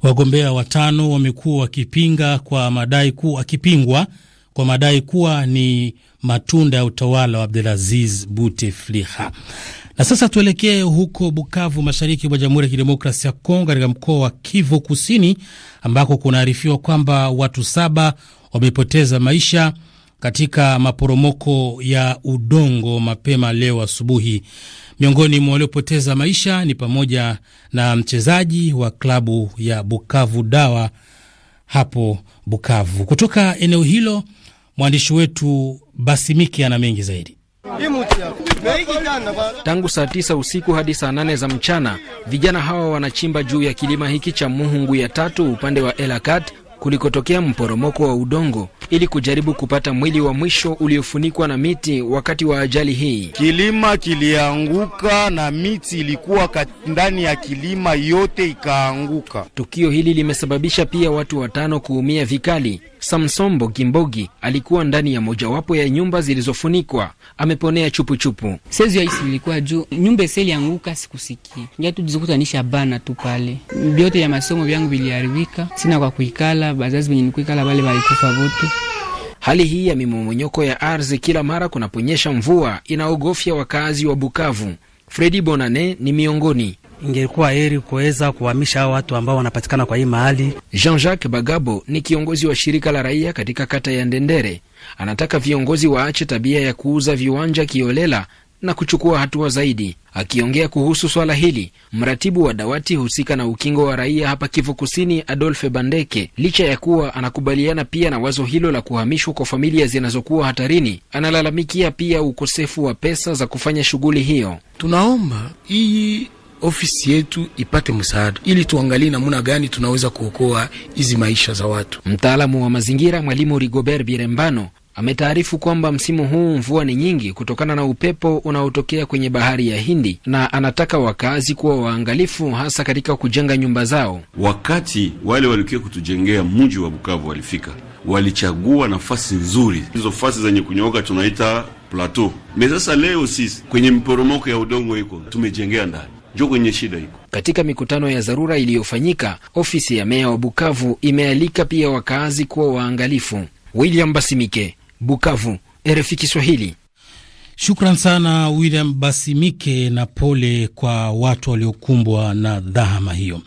Wagombea watano wamekuwa wakipinga kwa madai kuwa akipingwa kwa madai kuwa ni matunda ya utawala wa Abdelaziz Bouteflika. Na sasa tuelekee huko Bukavu, mashariki mwa Jamhuri ya Kidemokrasia ya Kongo, katika mkoa wa Kivu Kusini, ambako kunaarifiwa kwamba watu saba wamepoteza maisha katika maporomoko ya udongo mapema leo asubuhi. Miongoni mwa waliopoteza maisha ni pamoja na mchezaji wa klabu ya Bukavu Dawa hapo Bukavu. Kutoka eneo hilo mwandishi wetu Basimike ana mengi zaidi. Tangu saa tisa usiku hadi saa nane za mchana, vijana hawa wanachimba juu ya kilima hiki cha Muhungu ya tatu upande wa Elakat kulikotokea mporomoko wa udongo ili kujaribu kupata mwili wa mwisho uliofunikwa na miti wakati wa ajali hii. Kilima kilianguka na miti ilikuwa ndani ya kilima yote ikaanguka. Tukio hili limesababisha pia watu watano kuumia vikali Samsombo Gimbogi alikuwa ndani ya mojawapo ya nyumba zilizofunikwa, ameponea chupuchupu. Sezi ilikuwa juu nyumba seli anguka, sikusikia jizikutanisha bana tu pale, vyote masomo vyangu viliharibika, sina kwa kuikala, bazazi venye nikuikala vale valikufa vote. Hali hii ya mimomonyoko ya ardhi kila mara kunaponyesha mvua inaogofya wakazi wa Bukavu. Fredi Bonane ni miongoni ingekuwa heri kuweza kuhamisha hao watu ambao wanapatikana kwa hii mahali. Jean-Jacques Bagabo ni kiongozi wa shirika la raia katika kata ya Ndendere, anataka viongozi waache tabia ya kuuza viwanja kiolela na kuchukua hatua zaidi. Akiongea kuhusu swala hili, mratibu wa dawati husika na ukingo wa raia hapa Kivu Kusini, Adolfe Bandeke, licha ya kuwa anakubaliana pia na wazo hilo la kuhamishwa kwa familia zinazokuwa hatarini, analalamikia pia ukosefu wa pesa za kufanya shughuli hiyo. Tunaomba hii ofisi yetu ipate msaada ili tuangalie namna gani tunaweza kuokoa hizi maisha za watu. Mtaalamu wa mazingira Mwalimu Rigobert Birembano ametaarifu kwamba msimu huu mvua ni nyingi kutokana na upepo unaotokea kwenye bahari ya Hindi, na anataka wakazi kuwa waangalifu, hasa katika kujenga nyumba zao. Wakati wale waliokia kutujengea mji wa Bukavu walifika walichagua nafasi nzuri. Hizo fasi zenye kunyooka tunaita plateau. Me sasa leo sisi kwenye mporomoko ya udongo iko tumejengea ndani njo kwenye shida iko. Katika mikutano ya dharura iliyofanyika, ofisi ya meya wa Bukavu imealika pia wakaazi kuwa waangalifu. William Basimike, Bukavu, RFI Kiswahili. Shukran sana William Basimike, na pole kwa watu waliokumbwa na dhahama hiyo.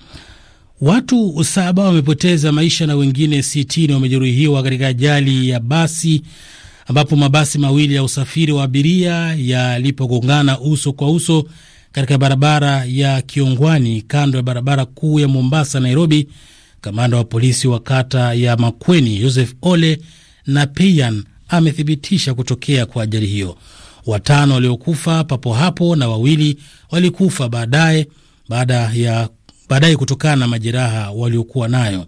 Watu saba wamepoteza maisha na wengine sitini wamejeruhiwa katika ajali ya basi ambapo mabasi mawili ya usafiri wa abiria yalipogongana uso kwa uso katika barabara ya Kiongwani kando ya barabara kuu ya Mombasa Nairobi. Kamanda wa polisi wa kata ya Makweni Joseph Ole na Peyan amethibitisha kutokea kwa ajali hiyo. Watano waliokufa papo hapo na wawili walikufa baadaye baada ya baadaye kutokana na majeraha waliokuwa nayo.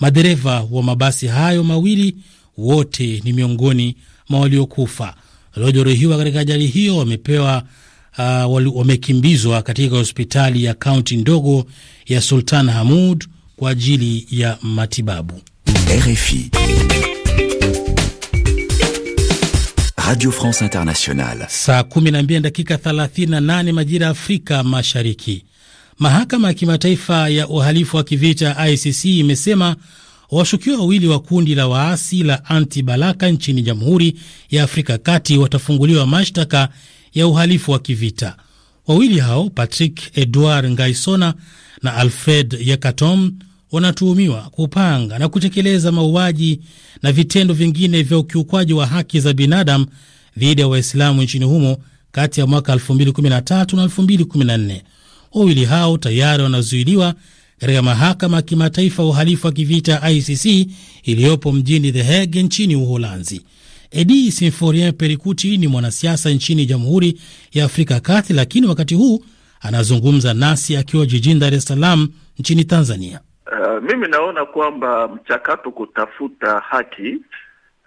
Madereva wa mabasi hayo mawili wote ni miongoni mwa waliokufa. Waliojeruhiwa katika ajali hiyo wamepewa uh, wamekimbizwa katika hospitali ya kaunti ndogo ya Sultan Hamud kwa ajili ya matibabu. RFI Radio France Internationale, saa 12 dakika 38 majira ya Afrika Mashariki. Mahakama ya Kimataifa ya Uhalifu wa Kivita ICC imesema washukiwa wawili wa kundi la waasi la Anti Balaka nchini Jamhuri ya Afrika Kati watafunguliwa mashtaka ya uhalifu wa kivita. Wawili hao Patrick edward Ngaisona na Alfred Yekatom wanatuhumiwa kupanga na kutekeleza mauaji na vitendo vingine vya ukiukwaji wa haki za binadamu dhidi ya Waislamu nchini humo kati ya mwaka 2013 na 2014. Wawili hao tayari wanazuiliwa katika mahakama ya kimataifa uhalifu wa kivita ICC iliyopo mjini The Hague nchini Uholanzi. Edi Simforien Perikuti ni mwanasiasa nchini Jamhuri ya Afrika ya Kati, lakini wakati huu anazungumza nasi akiwa jijini Dar es Salaam nchini Tanzania. Uh, mimi naona kwamba mchakato kutafuta haki,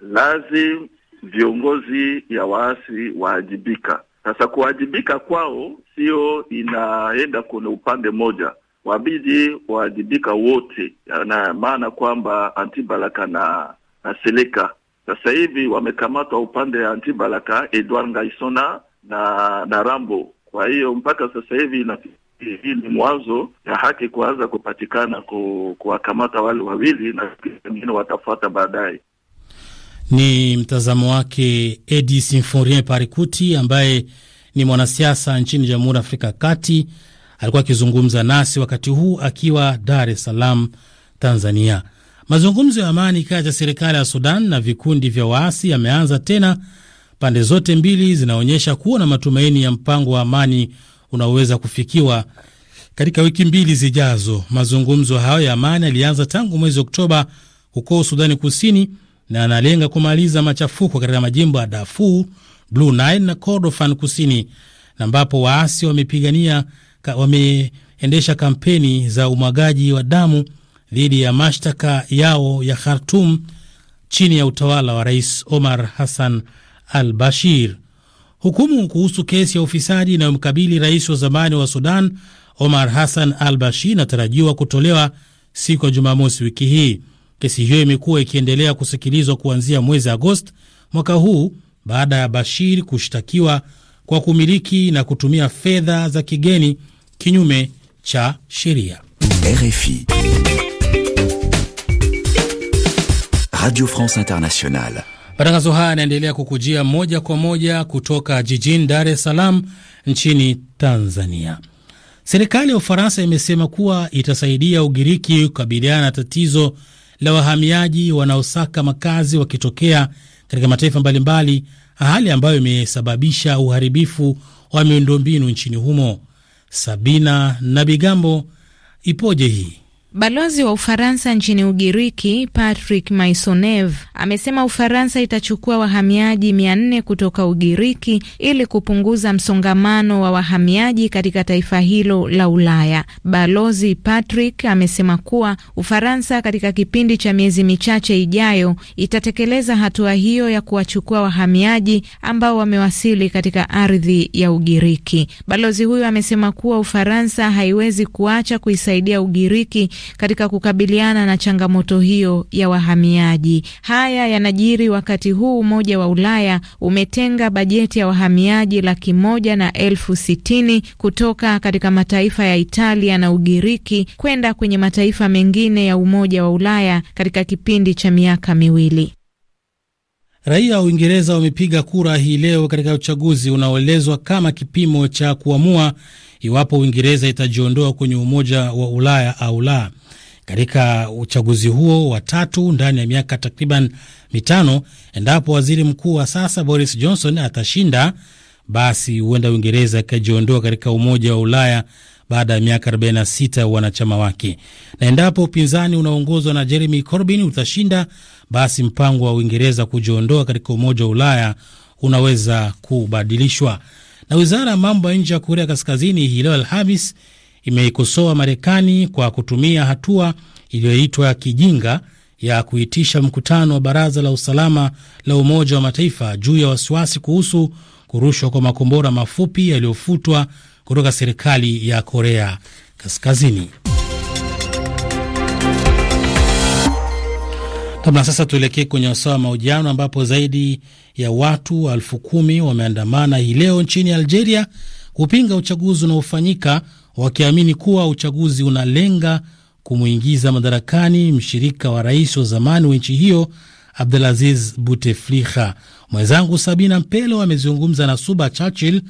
lazima viongozi ya waasi waajibika sasa kuwajibika kwao sio inaenda kwenye upande mmoja, wabidi wawajibika wote, na maana kwamba Antibalaka na, na Seleka sasa hivi wamekamatwa upande ya Antibalaka, Edward Ngaisona na na Rambo. Kwa hiyo mpaka sasa hivi na hii ni mwanzo ya haki kuanza kupatikana kuwakamata wale wawili, na wengine watafuata baadaye. Ni mtazamo wake Edi Symphorien Parikuti, ambaye ni mwanasiasa nchini Jamhuri ya Afrika ya Kati. Alikuwa akizungumza nasi wakati huu akiwa Dar es Salaam, Tanzania. Mazungumzo ya amani kati ya serikali ya Sudan na vikundi vya waasi yameanza tena. Pande zote mbili zinaonyesha kuwa na matumaini ya mpango wa amani unaoweza kufikiwa katika wiki mbili zijazo. Mazungumzo hayo ya amani yalianza tangu mwezi Oktoba huko Sudani Kusini na analenga kumaliza machafuko katika majimbo ya Darfur, Blue Nile na Kordofan Kusini, na ambapo waasi wamepigania wameendesha kampeni za umwagaji wa damu dhidi ya mashtaka yao ya Khartum chini ya utawala wa Rais Omar Hassan al Bashir. Hukumu kuhusu kesi ya ufisadi inayomkabili rais wa zamani wa Sudan Omar Hassan al Bashir inatarajiwa kutolewa siku ya Jumamosi wiki hii. Kesi hiyo imekuwa ikiendelea kusikilizwa kuanzia mwezi Agosti mwaka huu baada ya Bashir kushtakiwa kwa kumiliki na kutumia fedha za kigeni kinyume cha sheria. RFI Radio France Internationale. Matangazo haya yanaendelea kukujia moja kwa moja kutoka jijini Dar es Salaam nchini Tanzania. Serikali ya Ufaransa imesema kuwa itasaidia Ugiriki kukabiliana na tatizo la wahamiaji wanaosaka makazi wakitokea katika mataifa mbalimbali, hali ambayo imesababisha uharibifu wa miundombinu nchini humo. Sabina na Bigambo, ipoje hii? Balozi wa Ufaransa nchini Ugiriki Patrick Maisonev amesema Ufaransa itachukua wahamiaji mia nne kutoka Ugiriki ili kupunguza msongamano wa wahamiaji katika taifa hilo la Ulaya. Balozi Patrick amesema kuwa Ufaransa katika kipindi cha miezi michache ijayo itatekeleza hatua hiyo ya kuwachukua wahamiaji ambao wamewasili katika ardhi ya Ugiriki. Balozi huyo amesema kuwa Ufaransa haiwezi kuacha kuisaidia Ugiriki katika kukabiliana na changamoto hiyo ya wahamiaji. Haya yanajiri wakati huu Umoja wa Ulaya umetenga bajeti ya wahamiaji laki moja na elfu sitini kutoka katika mataifa ya Italia na Ugiriki kwenda kwenye mataifa mengine ya Umoja wa Ulaya katika kipindi cha miaka miwili. Raia wa Uingereza wamepiga kura hii leo katika uchaguzi unaoelezwa kama kipimo cha kuamua iwapo Uingereza itajiondoa kwenye Umoja wa Ulaya au la. Katika uchaguzi huo wa tatu ndani ya miaka takriban mitano, endapo waziri mkuu wa sasa Boris Johnson atashinda, basi huenda Uingereza ikajiondoa katika Umoja wa Ulaya baada ya miaka 46 ya wanachama wake, na endapo upinzani unaongozwa na Jeremy Corbyn utashinda, basi mpango wa Uingereza kujiondoa katika Umoja wa Ulaya unaweza kubadilishwa. Na wizara ya mambo ya nje ya Korea Kaskazini hii leo Alhamis imeikosoa Marekani kwa kutumia hatua iliyoitwa kijinga ya kuitisha mkutano wa Baraza la Usalama la Umoja wa Mataifa juu ya wasiwasi kuhusu kurushwa kwa makombora mafupi yaliyofutwa kutoka serikali ya Korea Kaskazini. Kabla sasa tuelekee kwenye wasaa wa mahojiano ambapo zaidi ya watu elfu kumi wameandamana hii leo nchini Algeria kupinga uchaguzi unaofanyika wakiamini kuwa uchaguzi unalenga kumwingiza madarakani mshirika wa rais wa zamani wa nchi hiyo Abdelaziz Buteflika. Mwenzangu Sabina Mpelo amezungumza na Suba Churchill,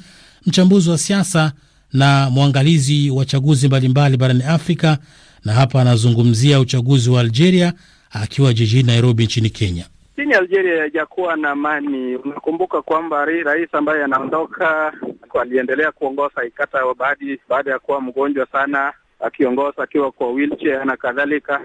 mchambuzi wa siasa na mwangalizi wa chaguzi mbalimbali barani Afrika, na hapa anazungumzia uchaguzi wa Algeria akiwa jijini Nairobi nchini Kenya. Chini Algeria haijakuwa na amani. Unakumbuka kwamba rais ambaye anaondoka aliendelea kuongoza ikata baadi baada ya kuwa mgonjwa sana, akiongoza akiwa kwa wheelchair na kadhalika.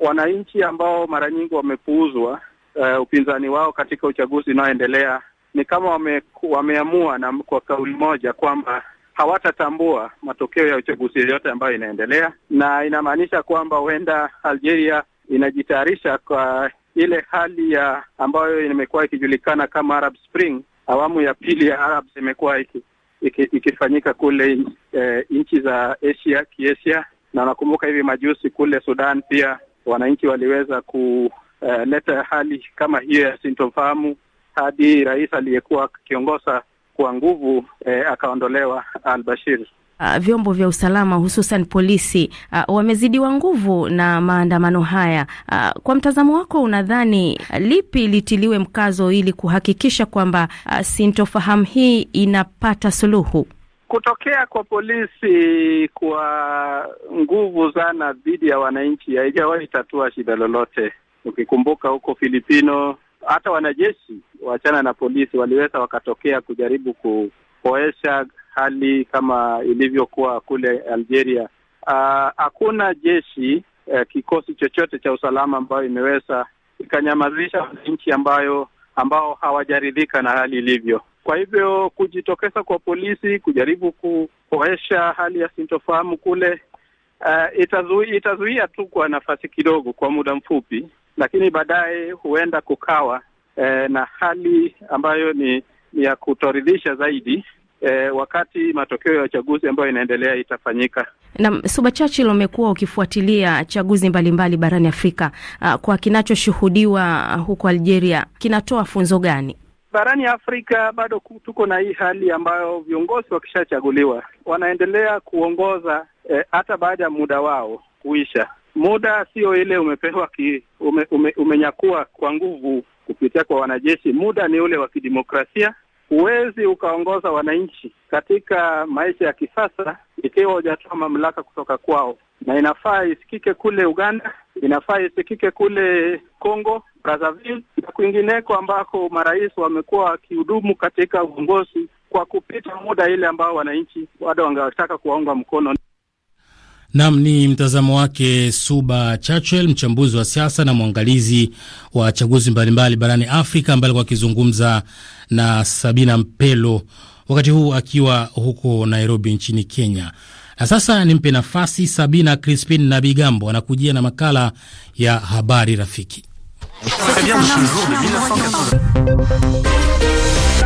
Wananchi ambao mara nyingi wamepuuzwa uh, upinzani wao katika uchaguzi unaoendelea ni kama wame, wameamua na kwa kauli moja kwamba hawatatambua matokeo ya uchaguzi yoyote ambayo inaendelea, na inamaanisha kwamba huenda Algeria inajitayarisha kwa ile hali ya ambayo imekuwa ikijulikana kama Arab Spring, awamu ya pili ya Arabs imekuwa iki, iki, ikifanyika kule eh, nchi za Asia kiasia, na nakumbuka hivi majuzi kule Sudan pia wananchi waliweza kuleta eh, hali kama hiyo ya sintofahamu hadi rais aliyekuwa akiongoza kwa nguvu eh, akaondolewa al-Bashir uh, vyombo vya usalama hususan polisi uh, wamezidiwa nguvu na maandamano haya. Uh, kwa mtazamo wako unadhani uh, lipi litiliwe mkazo ili kuhakikisha kwamba uh, sintofahamu hii inapata suluhu? Kutokea kwa polisi kwa nguvu sana dhidi ya wananchi haijawahi tatua shida lolote. Ukikumbuka huko Filipino, hata wanajeshi waachana na polisi waliweza wakatokea kujaribu ku kupoesha hali kama ilivyokuwa kule Algeria. Ah, hakuna jeshi uh, kikosi chochote cha usalama ambayo imeweza ikanyamazisha wananchi ambayo ambao hawajaridhika na hali ilivyo. Kwa hivyo kujitokeza kwa polisi kujaribu kupoesha hali ya sintofahamu kule Uh, itazuia itazuia tu kwa nafasi kidogo, kwa muda mfupi, lakini baadaye huenda kukawa eh, na hali ambayo ni ya kutoridhisha zaidi e, wakati matokeo ya uchaguzi ambayo inaendelea itafanyika. Na Suba Churchill, umekuwa ukifuatilia chaguzi mbalimbali mbali barani Afrika. Ah, kwa kinachoshuhudiwa ah, huko Algeria kinatoa funzo gani? Barani Afrika bado tuko na hii hali ambayo viongozi wakishachaguliwa wanaendelea kuongoza eh, hata e, baada ya muda wao kuisha. Muda sio ile umepewa ki, ume, ume, umenyakua kwa nguvu kupitia kwa wanajeshi. Muda ni ule wa kidemokrasia Huwezi ukaongoza wananchi katika maisha ya kisasa ikiwa hujatoa mamlaka kutoka kwao, na inafaa isikike kule Uganda, inafaa isikike kule Congo Brazzaville na kwingineko ambako marais wamekuwa wakihudumu katika uongozi kwa kupita muda ile ambao wananchi bado wangetaka kuwaunga mkono. Nam ni mtazamo wake Suba Churchill, mchambuzi wa siasa na mwangalizi wa chaguzi mbalimbali barani Afrika, ambaye alikuwa akizungumza na Sabina Mpelo wakati huu akiwa huko Nairobi nchini Kenya. Na sasa nimpe nafasi Sabina Crispin na Bigambo anakujia na makala ya habari rafiki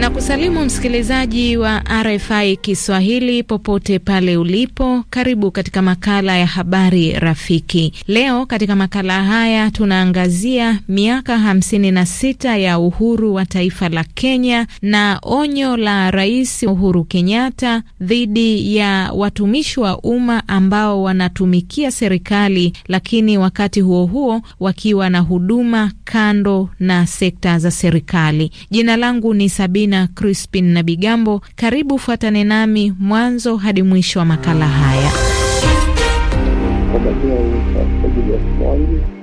na kusalimu msikilizaji wa RFI Kiswahili popote pale ulipo. Karibu katika makala ya habari rafiki. Leo katika makala haya tunaangazia miaka hamsini na sita ya uhuru wa taifa la Kenya na onyo la Rais Uhuru Kenyatta dhidi ya watumishi wa umma ambao wanatumikia serikali, lakini wakati huo huo wakiwa na huduma kando na sekta za serikali. Jina langu ni Sabini na Crispin na Bigambo. Karibu, fuatane nami mwanzo hadi mwisho wa makala haya.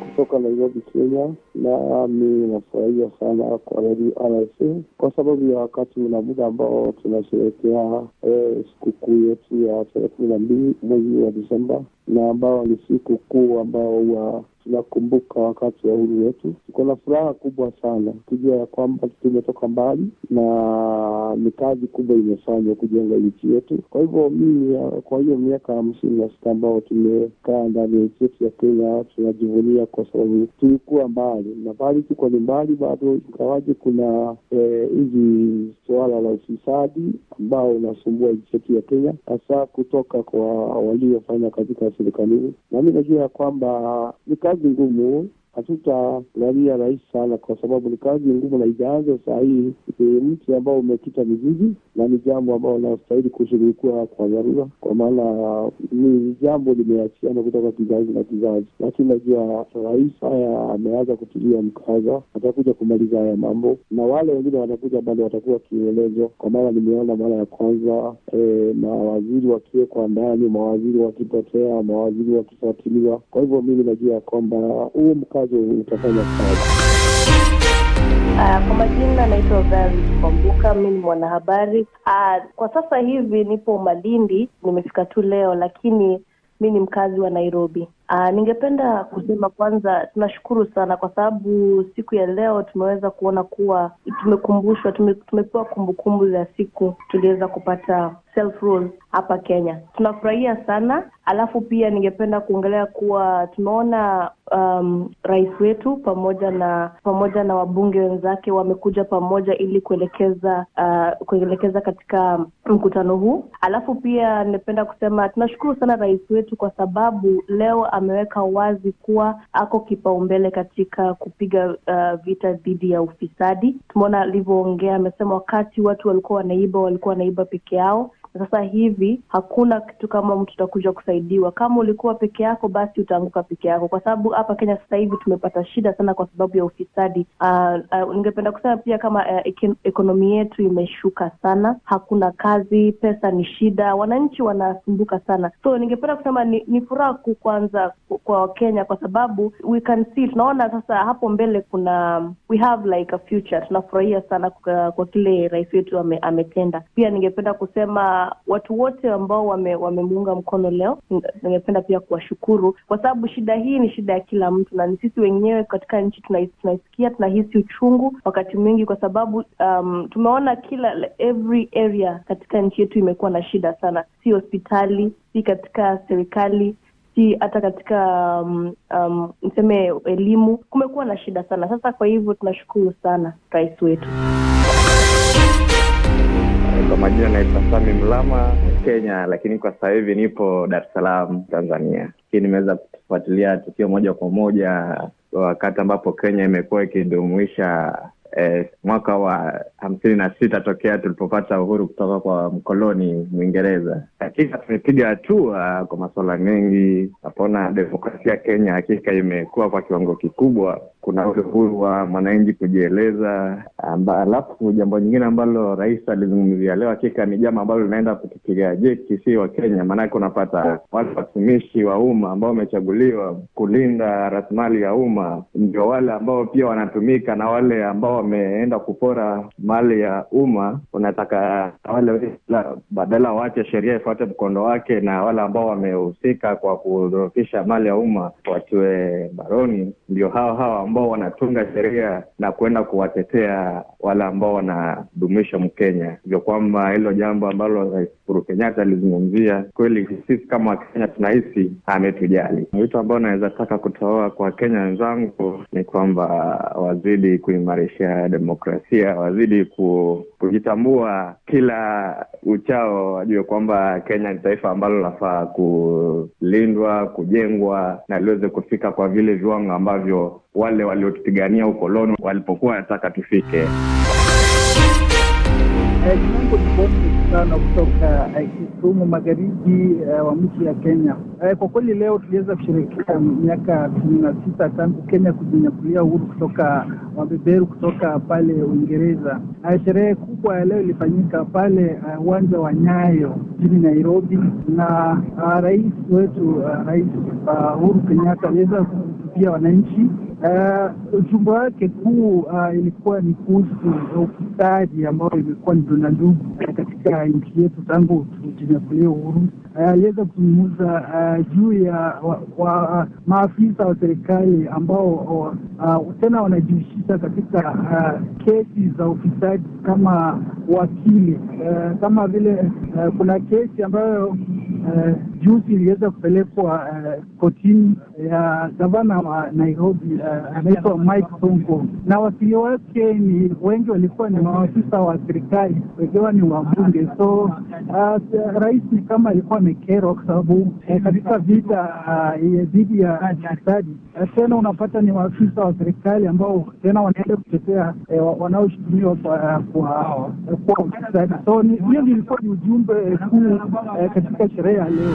Kutoka Nairobi, Kenya, na mi nafurahia sana kwa redio RFA kwa sababu ya wakati na muda ambao tunasherehekea eh, sikukuu yetu ya tarehe kumi na mbili mwezi wa Disemba, na ambao ni siku kuu ambao huwa tunakumbuka wakati wa uhuru wetu. Tuko na furaha kubwa sana kujua ya kwamba tumetoka mbali na ni kazi kubwa imefanywa kujenga nchi yetu. Kwa hivyo mimi, kwa hiyo miaka hamsini na sita ambao tumekaa ndani ya nchi yetu ya Kenya, tunajivunia kwa sababu tulikuwa mbali na bali tuko ni mbali bado, ingawaje kuna eh, hizi eh, suala la ufisadi ambao unasumbua nchi yetu ya Kenya, hasa kutoka kwa waliofanya katika serikalini, na mi najua ya kwamba ni kazi Google hatutalalia rahis sana, kwa sababu ni kazi ngumu na ijaanza saa hii. Ni mti ambao umekita mizizi na ni jambo ambao nastahili kushughulikiwa kwa dharura, kwa maana ni jambo limeachiana kutoka kizazi na kizazi, lakini najua rais haya ameanza kutilia mkaza, atakuja kumaliza haya mambo na wale wengine watakuja bado watakuwa kielelezo, kwa maana nimeona mara ya kwanza e, mawaziri wakiwekwa ndani, mawaziri wakipotea, mawaziri wakifuatiliwa. Kwa hivyo mimi najua ya kwamba huu mkaza ambazo utafanya kazi. Uh, kwa majina naitwa Vance Kwambuka, mi ni mwanahabari. Uh, kwa sasa hivi nipo Malindi, nimefika tu leo, lakini mi ni mkazi wa Nairobi. Uh, ningependa kusema kwanza, tunashukuru sana kwa sababu siku ya leo tumeweza kuona kuwa tumekumbushwa, tumepewa kumbukumbu za siku tuliweza kupata self rule hapa Kenya. Tunafurahia sana. Alafu pia ningependa kuongelea kuwa tumeona um, rais wetu pamoja na pamoja na wabunge wenzake wamekuja pamoja ili kuelekeza uh, kuelekeza katika mkutano huu. Alafu pia ningependa kusema tunashukuru sana rais wetu kwa sababu leo ameweka wazi kuwa ako kipaumbele katika kupiga uh, vita dhidi ya ufisadi. Tumeona alivyoongea, amesema wakati watu walikuwa wanaiba, walikuwa wanaiba peke yao, sasa hivi hakuna kitu kama mtu utakuja kusaidiwa. Kama ulikuwa peke yako, basi utaanguka peke yako, kwa sababu hapa Kenya sasa hivi tumepata shida sana kwa sababu ya ufisadi. Uh, uh, ningependa kusema pia kama uh, eh, ekonomi yetu imeshuka sana, hakuna kazi, pesa ni shida, wananchi wanasumbuka sana. So ningependa kusema ni, ni furaha kuu kwanza kwa Wakenya kwa sababu we can see, tunaona sasa hapo mbele kuna we have like a future. Tunafurahia sana kwa, kwa kile rais wetu ametenda. Ame pia ningependa kusema watu wote ambao wamemuunga wame mkono leo. Ningependa pia kuwashukuru kwa sababu shida hii ni shida ya kila mtu, na ni sisi wenyewe katika nchi tunaisikia, tunahisi uchungu wakati mwingi, kwa sababu um, tumeona kila every area katika nchi yetu imekuwa na shida sana, si hospitali, si katika serikali hata katika niseme um, um, elimu kumekuwa na shida sana. Sasa kwa hivyo tunashukuru sana rais wetu. Kwa majina naitwa Sami Mlama, Kenya, lakini kwa sasa hivi nipo Dar es Salaam, Tanzania. Hii nimeweza kufuatilia tukio moja kwa moja wakati ambapo Kenya imekuwa ikidumuisha eh, mwaka wa hamsini na sita tokea tulipopata uhuru kutoka kwa mkoloni Mwingereza. Hakika tumepiga hatua kwa masuala mengi, napona demokrasia Kenya hakika imekuwa kwa kiwango kikubwa kuna ule uhuru wa mwananchi kujieleza. Alafu jambo nyingine ambalo rais alizungumzia leo, hakika ni jambo ambalo linaenda kutupiga jeki, si kenya Maanake unapata wale watumishi wa umma ambao wamechaguliwa kulinda rasilimali ya umma ndio wale ambao pia wanatumika na wale ambao wameenda kupora mali ya umma. Unataka wale badala waache sheria ifuate mkondo wake, na wale ambao wamehusika kwa kudhoofisha mali ya umma watiwe baroni, ndio hao hao ambao wanatunga sheria na kuenda kuwatetea wale ambao wanadumisha Mkenya, hivyo kwamba hilo jambo ambalo Rais Uhuru Kenyatta alizungumzia kweli, sisi kama Wakenya tunahisi ametujali. Vitu ambao naweza taka kutoa kwa Wakenya wenzangu ni kwamba wazidi kuimarisha demokrasia, wazidi ku kujitambua kila uchao, wajue kwamba Kenya ni taifa ambalo lafaa kulindwa, kujengwa na liweze kufika kwa vile viwango ambavyo wale waliotupigania ukoloni walipokuwa wanataka tufike. Eh, sana kutoka eh, Kisumu magharibi eh, wa mji ya Kenya. Eh, kwa kweli leo tuliweza kusherehekea miaka kumi na sita tangu Kenya kujinyakulia uhuru kutoka wabeberu kutoka pale Uingereza. Sherehe kubwa ya leo ilifanyika pale uwanja wa Nyayo jijini Nairobi, na rais wetu Rais Uhuru Kenyatta aliweza kuhutubia wananchi Eh, ujumbe uh, wake kuu uh, ilikuwa ni kuhusu ufisadi ambayo imekuwa ni uh, katika nchi yetu tangu tujinyakulia uhuru. Eh, aliweza uh, kuzungumza uh, juu ya wa, wa, uh, maafisa wa serikali ambao uh, tena wanajihusisha katika uh, kesi za ufisadi kama wakili uh, kama vile uh, kuna kesi ambayo uh, juzi iliweza kupelekwa uh, kotini ya gavana wa Nairobi eh, anaitwa uh, Mike Sonko, na wakili wake ni wengi walikuwa ni maafisa wa serikali, wakiwa ni wabunge. So uh, rais ni kama alikuwa amekerwa kwa sababu uh, katika vita eh, dhidi uh, ya ufisadi uh, tena unapata ni maafisa wa serikali ambao tena wanaenda kutetea uh, wanaoshutumiwa kwa kwa ufisadi. So hiyo ilikuwa ni ujumbe kuu uh, katika sherehe ya leo.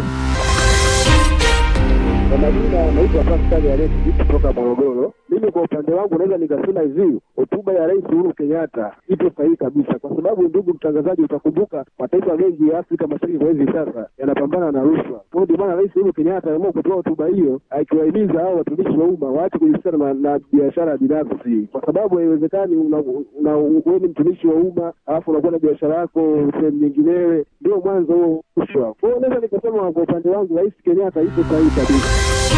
Kwa majina anaitwa Pascal Alexi kutoka Morogoro. Mimi kwa upande wangu naweza nikasema hivi, hotuba ya Rais Uhuru Kenyatta ipo sahihi kabisa, kwa sababu ndugu mtangazaji, utakumbuka mataifa mengi ya Afrika Mashariki kwa hivi sasa yanapambana na rushwa. Kwa hiyo ndio maana Rais Uhuru Kenyatta aliamua kutoa hotuba hiyo, akiwahimiza hao watumishi wa umma waache kujihusisha na, na biashara binafsi, kwa sababu haiwezekani wewe ni mtumishi wa umma alafu unakuwa na biashara yako sehemu nyinginewe, ndio mwanzo huo rushwa. Kwa hiyo naweza nikasema kwa upande wangu Rais Kenyatta ipo sahihi kabisa.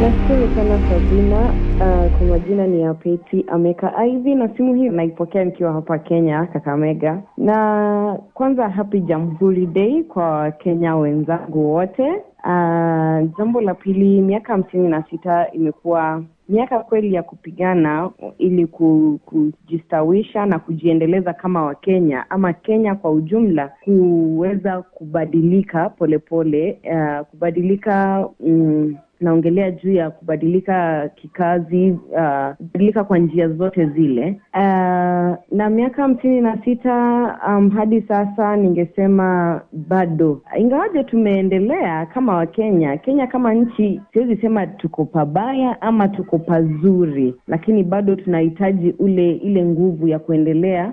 Nashukuru sana Sabina. Uh, kwa majina ni Apeti Ameka Aidhi, na simu hii naipokea nikiwa hapa Kenya, Kakamega. Na kwanza happy Jamhuri Day kwa Wakenya wenzangu wote. Uh, jambo la pili, miaka hamsini na sita imekuwa miaka kweli ya kupigana ili kujistawisha na kujiendeleza kama Wakenya ama Kenya kwa ujumla, kuweza kubadilika polepole pole, uh, kubadilika mm, tunaongelea juu ya kubadilika kikazi, uh, kubadilika kwa njia zote zile. Uh, na miaka hamsini na sita um, hadi sasa ningesema bado, ingawaje tumeendelea kama Wakenya. Kenya kama nchi, siwezi sema tuko pabaya ama tuko pazuri, lakini bado tunahitaji ule ile nguvu ya kuendelea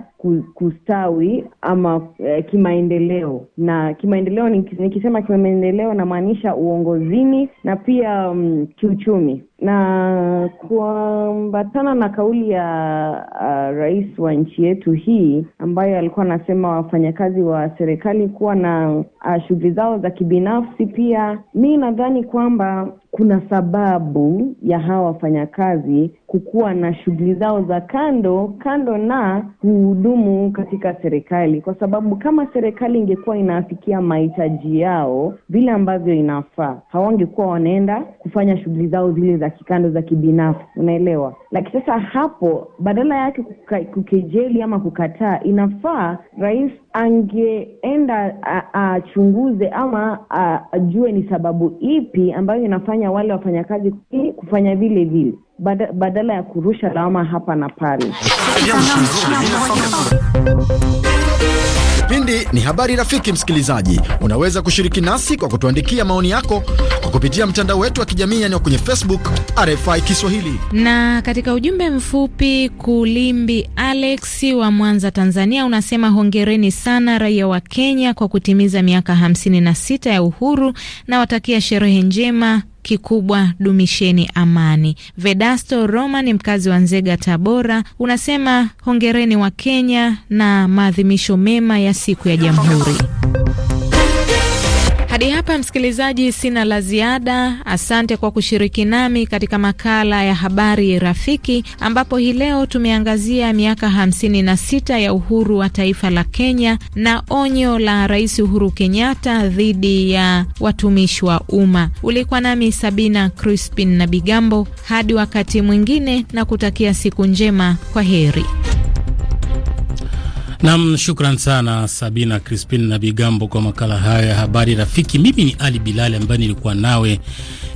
kustawi ama eh, kimaendeleo. Na kimaendeleo nikisema kimaendeleo namaanisha uongozini na pia um, kiuchumi na kuambatana na kauli ya uh, rais wa nchi yetu hii ambayo alikuwa anasema wafanyakazi wa serikali kuwa na uh, shughuli zao za kibinafsi. Pia mi nadhani kwamba kuna sababu ya hawa wafanyakazi kukuwa na shughuli zao za kando kando na kuhudumu katika serikali, kwa sababu kama serikali ingekuwa inaafikia mahitaji yao vile ambavyo inafaa, hawangekuwa wanaenda kufanya shughuli zao zile za kikando za kibinafsi, unaelewa. Lakini sasa hapo, badala yake kukejeli ama kukataa, inafaa rais angeenda achunguze ama ajue ni sababu ipi ambayo inafanya kufanya wale wafanyakazi kufanya vile vile badala ya kurusha lawama hapa na pale. Kipindi ni habari. Rafiki msikilizaji, unaweza kushiriki nasi kwa kutuandikia maoni yako kwa kupitia mtandao wetu wa kijamii yani kwenye Facebook RFI Kiswahili. Na katika ujumbe mfupi, Kulimbi Alex wa Mwanza, Tanzania, unasema hongereni sana raia wa Kenya kwa kutimiza miaka 56 ya uhuru na watakia sherehe njema kikubwa dumisheni amani. Vedasto Roma ni mkazi wa Nzega, Tabora, unasema hongereni wa Kenya na maadhimisho mema ya siku ya Jamhuri. Hadi hapa msikilizaji, sina la ziada. Asante kwa kushiriki nami katika makala ya habari rafiki, ambapo hii leo tumeangazia miaka 56 ya uhuru wa taifa la Kenya na onyo la Rais Uhuru Kenyatta dhidi ya watumishi wa umma. Ulikuwa nami Sabina Crispin na Bigambo. Hadi wakati mwingine, na kutakia siku njema. Kwa heri. Nam, shukran sana Sabina Crispin na Bigambo kwa makala haya ya habari rafiki. Mimi ni Ali Bilali ambaye nilikuwa nawe,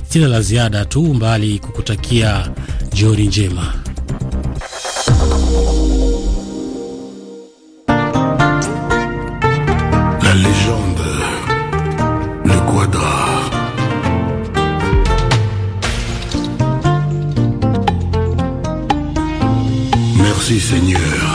sina la ziada tu mbali kukutakia jioni njema. La légende Le Quadra Merci Seigneur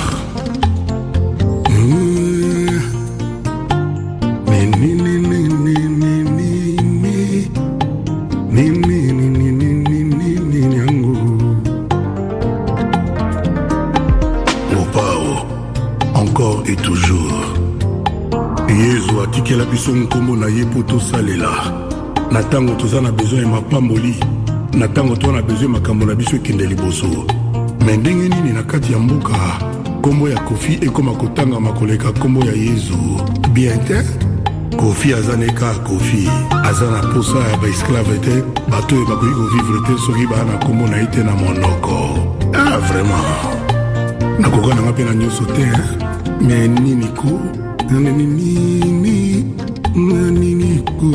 et toujours yezu atikela biso nkombo na ye mpo tosalela na ntango toza na bezwin ya mapamboli na ntango toza na bezwin makambo na biso ekende liboso me ndenge nini na kati ya mboka nkombo ya kofi ekóma kotangama koleka nkombo ya yezu bien te kofi aza na eka ya kofi aza na posa ya baesklave te bato oyo bakoki kovivre te soki baa na nkombo na ye te na monoko ah vraiment nakoka nanga mpe na nyonso te eh? Meniniku, nanini, naniniku,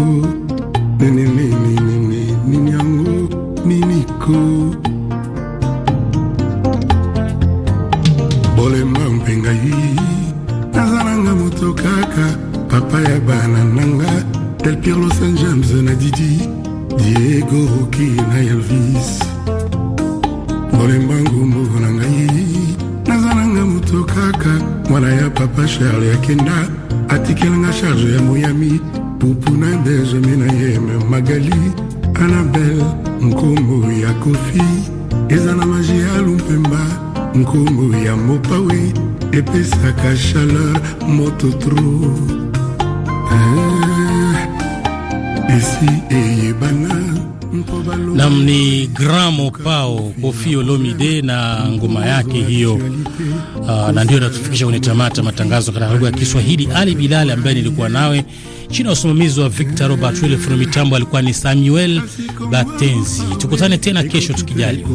nanini, ninyangu, niniku. Bolemba mpenga yi, nazalanga moto kaka, papa ya bana nanga, Del Pierre Los Angeles na Didi, Diego Rocky na Elvis. Bolemba ngumbu na ngai, nazalanga moto kaka, mwana ya papa charle akenda atikelanga charge ya moyami pupuna dejemi na ye me magali anabel nkombo ya kofi eza na magi ya lumpemba nkombo ya mopawe epesaka chaleur moto tro eh, eh, eh. esi eyebana Nam ni Gramo Pao Kofi Olomide na ngoma yake hiyo. Uh, na ndio natufikisha kwenye tamata matangazo katika lugha ya Kiswahili. Ali Bilali ambaye nilikuwa nawe chini ya usimamizi wa Victor Robert Wile, fundi mitambo alikuwa ni Samuel Batenzi. Tukutane tena kesho tukijali.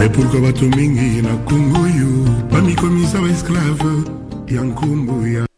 me pourkua bato mingi na kongo oyo bamikomisa baesklave ya nkombo ya